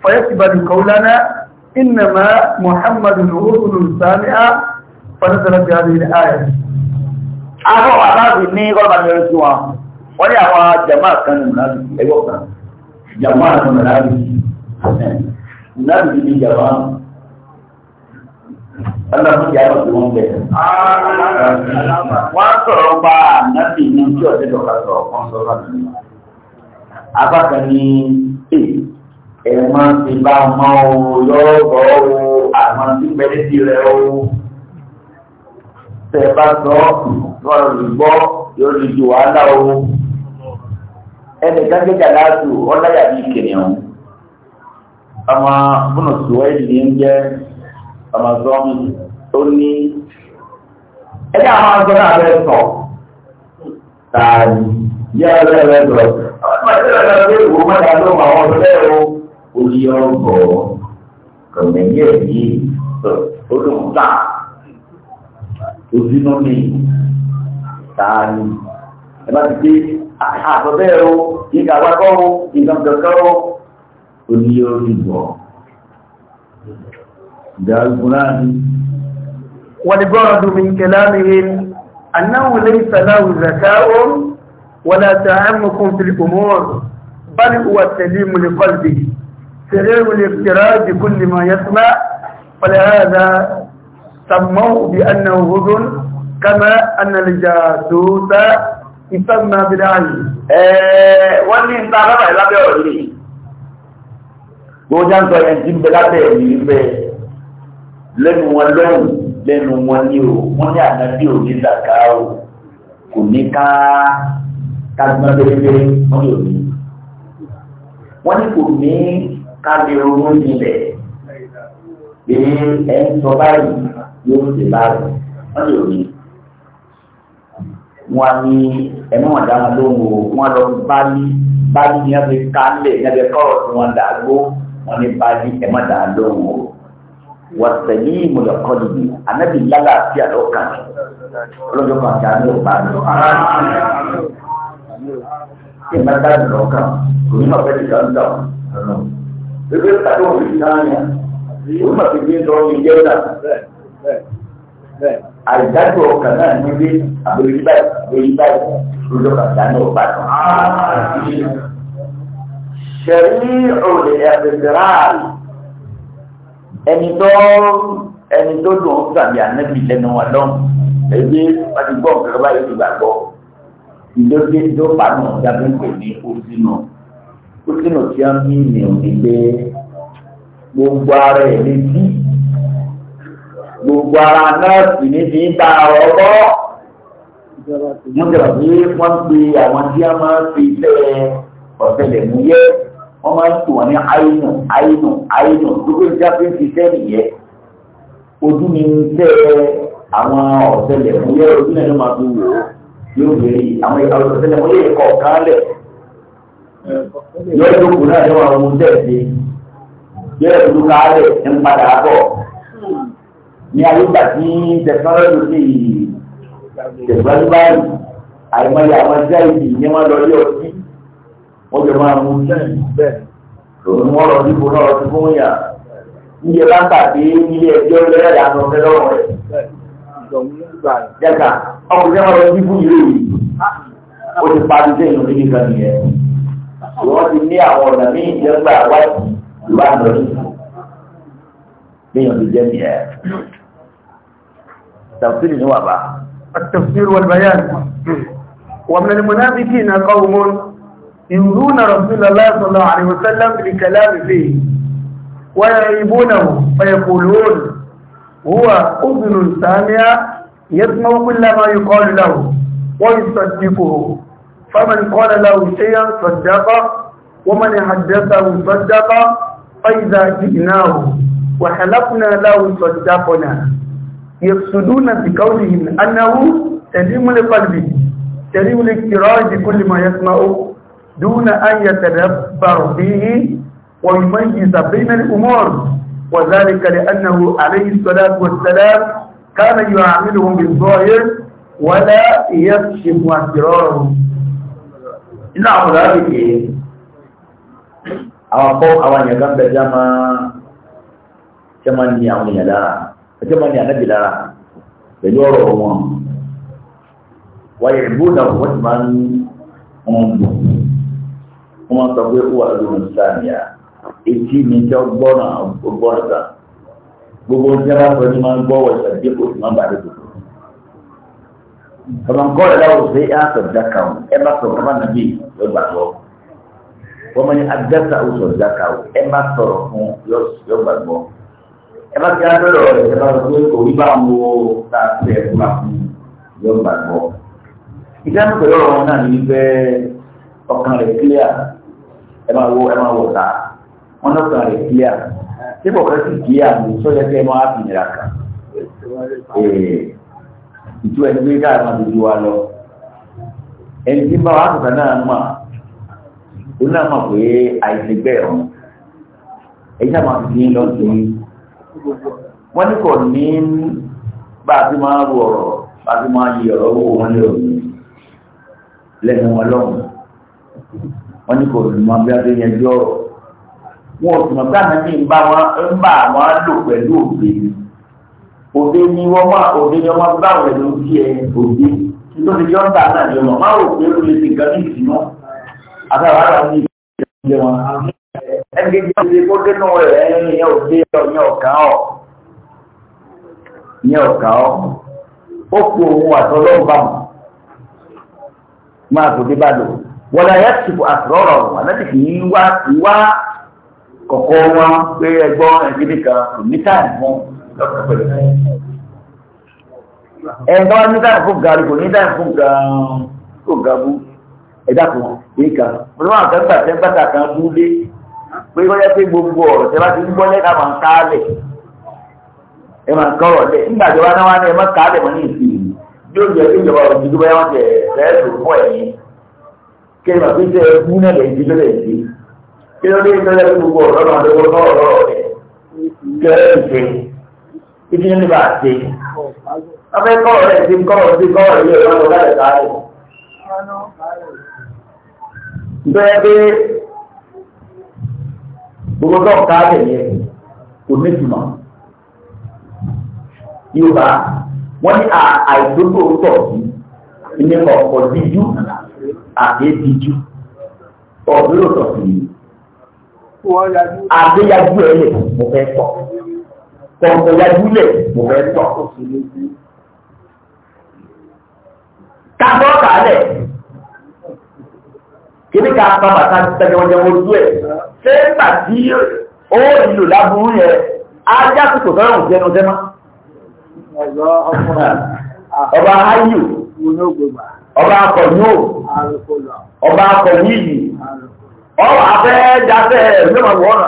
فيكبر قولنا إنما محمد رسول سامع فنزل هذه الآية أهو أعطاك إني قرب أن يرسوا هو أهو جماعة كان المنافق أي وقتا جماعة المنافق نبي من جماعة الله في جائمة المنافق وانت ربا نبي من جوة دوخة وانت ربا apákan ní pè ẹ máa ti bá ọmọ o lọ́rọ̀ o àwọn tí pẹ́lẹ́ sí rẹ̀ o tẹ bá sọ wọn lè gbọ́ yóò lè ju wàhálà o ẹnìkan kéjà láàtù ọláyà ní kìnìún ọmọ bùnà sùwẹ́ ìdí ń jẹ́ ọmọ sọ́mi tó ní ẹ̀dá àwọn sọ́nà abẹ́ sọ tààrí yẹ́ ọlẹ́rẹ́ sọ̀rọ̀ olùkà ojúnú mi tààrí ẹ bá ti wọ́n ni gbọ́rọ̀ dùn mí kẹlá mi rí annáwó lè sàdáwù zakao ولا تعمكم في الأمور بل هو السليم لقلبه سريع الاقتراض بكل ما يسمع فلهذا سموه بأنه هذن كما أن الجاسوس ìtọ́gbà bídá yìí. Wọ́n ní ń ta alábàá lábẹ́ ọ̀rẹ́ yìí. Gbọ́njá ń sọ yẹn ti ń bẹ lábẹ́ ẹ̀mí bẹ́ lẹ́nu wọn lọ́rùn lẹ́nu wọn ní o, wọ́n ní ànábí ò ní zàká o, kò ní ká kájúmọ́ pérépéré wọ́n yóò ní. wọ́n ní kò ní kábí owó nílẹ̀ pé ẹ ń sọ báyìí yóò ṣe báyìí wọ́n yóò ní. wọ́n á ní ẹ̀mọ́ ọ̀daràn lóhùn o wọ́n lọ báyìí báyìí ní wọ́n fi ká lẹ̀ ní wọ́n fi kọ́rọ̀ tí wọ́n dà gbó wọ́n ní báyìí ẹ̀mọ́ ọ̀daràn lóhùn o wàtẹ̀lí ìmọ̀lẹ́kọ́lì ni ànábì lálàáfíà lọ́kàn ọlọ́jọ́ kan kí a ní ò bá lọ kí n bá dá ìlọ kan kò ní ma fẹ́ ìjà ń dà ọ́. Bébí ó tàbí òun ìjà ń yà. Ó mà fi gbé lọ ní Jẹ́dà. Àìdájọ́ ọkàn náà ní bí àbòyí báyìí àbòyí báyìí lójó kàdá ní ọ̀bá kan. Ṣẹ̀rí òde ẹ̀fẹ̀sẹ̀rá ẹni tó ẹni tó dùn ó gbàgbé ànábì lẹ́nu wa lọ́hùn. Ẹgbẹ́ pàdé gbọ́ nǹkan báyìí ti gbàgbọ́ ìdókè dópa náà dábẹ́ pè ní kùsìnà kùsìnà tí a ń bí ní òní pé gbogbo ara ẹ̀ lè bí gbogbo ara náà sì ní fi ń ta ọ̀rọ̀ mo jọ̀rọ̀ pé wọ́n pe àwọn tí a máa ń fi tẹ́ ọ̀tẹlẹ̀múyẹ́ wọ́n máa ń tò wọ́n ní àìnù àìnù àìnù gbogbo ìjà fi ń fi tẹ́ nìyẹn ojú ni ń tẹ́ àwọn ọ̀tẹlẹ̀múyẹ́ ojú náà ló máa fi wò ó yóò bèrè àwọn àlùfẹ́sẹ̀lẹ̀ wọ́n lè kọ̀ kán lẹ̀ yóò tó kù náà yóò àwọn oúnjẹ sí yóò tó ká lẹ̀ ń padà bọ̀ ní ayégbà tí tẹkinọ́lọ́jì ti tẹ̀síwájú báyìí àìmọye àwọn ẹgbẹ́ ìdì ní wọ́n lọ yọ sí wọ́n jọ máa mú bẹ́ẹ̀ lòun wọ́n lọ dìbò náà ti fún yà níye ọkùnrin náà lọ bíbú ilé yìí ó ti parí dé ìlú níbi kan nìyẹn wọ́n ti ní àwọn ọ̀nà míì jẹ́ gbà wáyé ìwà lọ́rí léèyàn ti jẹ́ nìyẹn tàbí ní wàbá. التفسير والبيان ومن المنافقين قوم يؤذون رسول الله صلى الله عليه وسلم بالكلام فيه ويعيبونه فيقولون هو أذن سامعة يسمع كل ما يقال له ويصدقه فمن قال له شيئا صدقه ومن حدثه صدق فإذا جئناه وحلقنا له صدقنا يقصدون بقولهم أنه سليم القلب سليم الاكتراج بكل ما يسمع دون أن يتدبر فيه ويميز بين الأمور وذلك لأنه عليه الصلاة والسلام كان يعاملهم بالظاهر ولا يكشف اسرارهم iná àwọn ọ̀làríkè àwọn akọ́ àwọn èèyàn kan bẹ̀ jẹ́mọ́ jẹ́mọ́ ní àwọn èèyàn lára jẹ́mọ́ ní ànábì lára pẹ̀lú ọ̀rọ̀ wọn wáyé ìbúdà wọ́n ti máa ń wọn bù wọ́n máa sọ pé ó wà lóhùn sáà nìyà etí mi jẹ́ ọgbọ́nà ọgbọ́nà sáà gbogbo ń tẹ́lá sọ ní máa ń gbọ́ wọ̀ṣẹ̀ bí kò sì máa ń bà lè dòdò. Bàbá ń kọ́ ẹ̀ láwùjọ pé ẹ̀ á sọ dáka o, ẹ bá sọ̀rọ̀ bá nàbí yóò gbàgbọ́. Wọ́n máa ń adẹ́ta o sọ dáka o, ẹ bá sọ̀rọ̀ fún yóò gbàgbọ́. Ẹ bá ti á bẹ̀rẹ̀ ọ̀rẹ́ bá sọ pé òbí bá ń wo ta sí fún àfún yóò gbàgbọ́. Ìdáhùn pẹ̀lú tí kò kẹ́ sì kí àmì sọ́jọ́ pé wọ́n á fi nira kan ìtú ẹni pé káà máa dojú wa lọ ẹni tí bá wàá kọ̀ọ̀kan náà mà ó náà mà pé àìsègbè ọ̀hún èyí tá máa fi lọ sí i wọ́n ní kò ní bá a ti máa ro ọ̀rọ̀ bá a ti máa yí ọ̀rọ̀ owó wọn lé òní lẹ́nu wọn lọ́hùn-ún wọ́n ní kò ní máa bí a ti yẹn jọ́ ọ̀rọ̀. wọn ò sì sáà ní bá wọn ń bá àwọn pẹ̀lú òde òde ni wọ́n òde ni wọ́n bá wọn ẹ òde nítorí ń bá àná ni wọn rò pé ó lè ti ní ìsìn àtàwọn ní ti kó dénú ọ ọ̀ká ọ̀ ní ọ̀ká ọ̀ ó kú òun bá lò wọ́n yẹ kọ̀kọ́ wọn pé ẹgbọ́ ẹgbẹ́ kan kò ní táì fún lọ́kọ̀ pẹ̀lú. ẹ̀ńtọ́ ní táì fún gàrí kò ní táì fún gan-an kò gabú ẹ̀dá kan èyí kan pẹ̀lú àwọn kan gbà tẹ́ bàtà kan mú lé pé wọ́n yẹ pé gbogbo ọ̀rọ̀ tẹ́ bá ti ń gbọ́ lẹ́ka máa ń ká lẹ̀ ẹ máa ń kọ́rọ̀ lẹ̀ nígbà tí wọ́n wá ní ẹ máa ń ká lẹ̀ mọ́ ní ìsìn yìí yóò jẹ́ pé ìjọba òjijì bá yọ̀ ọ́ tẹ̀ ẹ̀ lò fún ẹ̀yìn kí ẹ máa kí ló dé ìtọ́jọ́ tí gbogbo ọ̀rọ̀ náà lówó náà ọ̀rọ̀ rẹ̀ kí ló dé ìṣe kí kí ní bá a ṣe. ọbẹ̀ kọ́ ọ̀rẹ́ ti kọ́ ọ̀rẹ́ ti kọ́ ọ̀rẹ́ yóò lọ́wọ́ láì sáré. bẹ́ẹ̀ bí gbogbo náà ká tẹ̀lé kò ní ìtumọ̀ yorùbá wọ́n ní àìdógbò tọ̀ sí ilé ọ̀pọ̀ díjú àti ètìjú ọ̀dúró tọ̀ sí i. Adéyájú ẹ̀ lè mo fẹ́ sọ. Kọ̀ọ̀kọ̀yájú lè mo fẹ́ sọ. Kábọ́ kálẹ̀. Kébí ká bá bàtà tẹ́lẹ̀ wọn jẹ́ ojú ẹ̀. Ṣé nígbà tí ó ìlò láburú yẹn, ajá tó kò fẹ́ràn jẹnu jẹ́ mọ́? Ọba Ayù, ọba Akọ̀yó, ọba Akọ̀yí yìí. ọ̀rọ̀ afẹ dáfẹ́ mẹ́wàá wọ́nà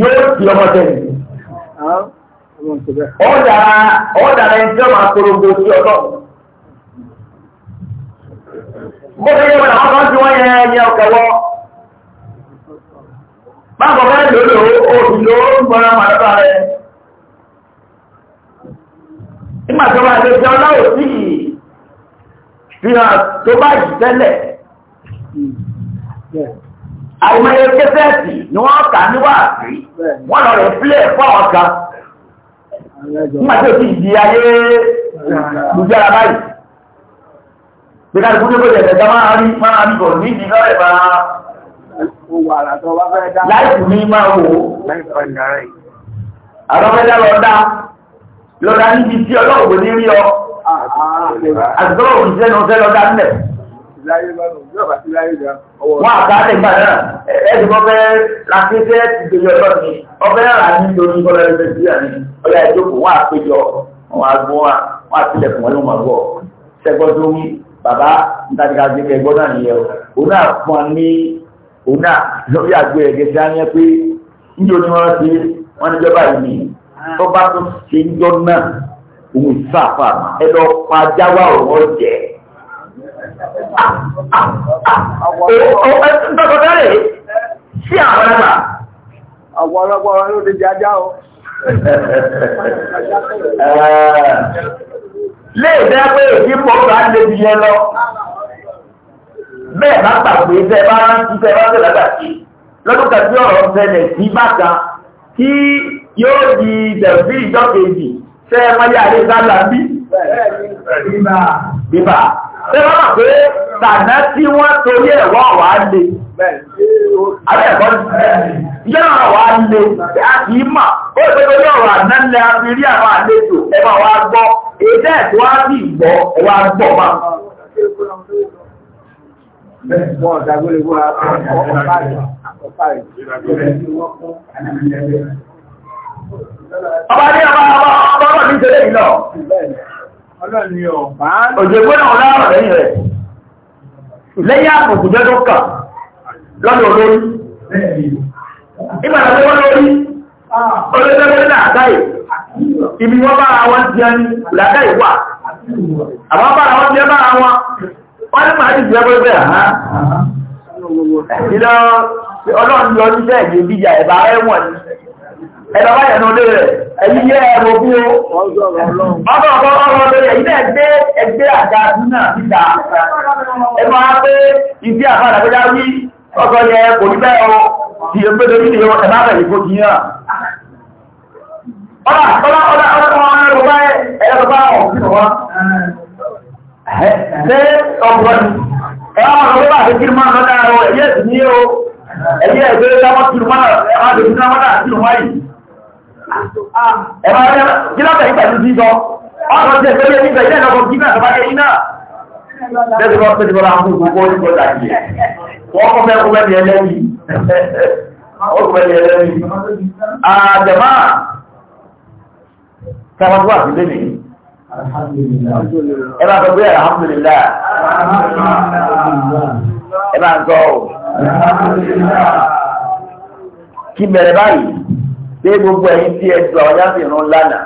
yóò ti ọmọ tẹ̀lé. ọ̀dàrà ọ̀dàrà ẹni tí wọ́n máa mo fi wọn yẹ ẹyẹ báwo lòlò ló ń nígbà tó bá àìmọye kẹsẹ̀tì ni wọ́n kà níwá àti wọ́n lọ rẹ̀ pílẹ̀ fọ́wọ́ kan nígbà tí ó ti di ayé lùjára báyìí pé ká lùkúndé kó jẹ̀dẹ̀ máa rí máa rí bọ̀ ní ìdí lọ́rẹ̀ bá láìpù ní máa wò àwọn ọmọdé lọ dá lọ dá níbi tí ọlọ́wọ̀ ní rí ọ àti tọ́lọ̀ òṣìṣẹ́ ní ọ̀sẹ̀ lọ dá nílẹ̀ láyé lọ́nà yóò gbà náà ẹ̀ẹ́dì mọ́ fẹ́ láti ti gbèjọ lọ́nà ni ọbẹ̀ náà láti ń dorí ẹgbẹ́ sí àná ọ̀yà ìjókòó wọ́n àpéjọ wọn àgbọ̀ wọn àtìlẹ̀kùn wọn ló mọ̀ bọ̀ sẹ́gbọ́n wí bàbá ntàdíkà gbé kẹgbọ́n náà nìyẹn o òun náà fún wa ní òun náà lórí àgbẹ̀ ẹ̀gẹ́ sí àná pé níbi oní wọn ti wọn níjọba yìí ni tó bá tó ṣe ń jọ náà òun ìfàfà Tọ́kọ̀tọ́rẹ̀ sí àwọn àgbà. Àwọn ọlọ́pàá wọn ló dé jájá o. Lé ìdá pé èdè pọ̀ bá lè bí yẹn lọ. Bẹ́ẹ̀ bá pàgbé tẹ́ bá rántí tẹ́ bá tẹ́ lágbà sí. Lọ́dún kan tí ọ̀rọ̀ ṣẹlẹ̀ sí bàtà tí yóò di ìdẹ̀bí ìjọ kejì tẹ́ wáyé àdéhùn sábà bí. Bíbà. Bíbà. Tẹ́ bá pàgbé tàná tí wọ́n torí ẹ̀wọ́ wà lè àbẹ́ẹ̀kọ́ yọ́nà wà lè àti ìmà ó ìpẹ́kọ́ yọ́rọ̀ ànálẹ̀ àfírí àwọn àlejò ẹwà wà gbọ́ èdè tó wá sí ìgbọ́ ẹwà gbọ́ ma ọba ní ọba ọba ọba ọba ní ìṣẹ́lẹ̀ ìlọ òjò gbọ́nà ọ̀lá ọ̀rẹ́ yìí rẹ̀ lẹ́yìn àpòkù jẹ́jọ́ kà lọ́dọ̀ lórí ìgbàlá tó wọ́n lórí olóògbé làákàyè ibi wọ́n bá àwọn tí ẹni làákàyè wà àwọn bá àwọn tí ẹ bá àwọn wọ́n ní màá ti jẹ́ pẹ́pẹ́ àhá ìlọ ọlọ́run lọ níṣẹ́ ìgbéjà ẹ̀bà ẹ̀wọ̀n ni ẹ̀dọ̀ bá yẹ̀nà olè rẹ̀ ẹ̀yí yẹ́ ẹ̀rọ bí ó ọjọ́ ọlọ́run lórí ẹ̀yí náà gbé ẹgbẹ́ àga dúnà níta ẹ máa pé ibi àfàdà pé dáwí ọkọ̀ yẹ kò ní bẹ́ẹ̀ o ti ẹgbẹ́ lórí ìyẹn ẹ̀ má bẹ̀rẹ̀ ìfojì yàn. ọ̀là ọ̀là ọ̀là ọ̀là ọ̀là ẹ̀rọ bá ẹ̀rọ bá ọ̀sìn wa. ṣé ọ̀gbọ̀n ẹ̀rọ ọ̀rọ̀ bá àti kírìmọ́ àná ẹ̀rọ ẹ̀rọ gílọ́tà yìí pẹ̀lú jíjọ ọ̀rọ̀ jẹ́ pé yẹ nígbà ilẹ̀ lọ́kọ̀ gígbà tó bá jẹ́ iná lẹ́sìn lọ́pẹ́ ti bọ́lá fún gbogbo onígbò dàbí ẹ̀ wọ́n kọ́ fẹ́ kó mẹ́ni ẹlẹ́ni ó kọ́ mẹ́ni ẹlẹ́ni àjẹ̀má sáwọn tó wà sí lẹ́nìí ẹ bá sọ pé alhamdulillah ẹ bá ń sọ ọ́ kí bẹ̀rẹ̀ báyìí pé gbogbo ẹ̀yin tí ẹ ju àwọn yáàfin rún lánàá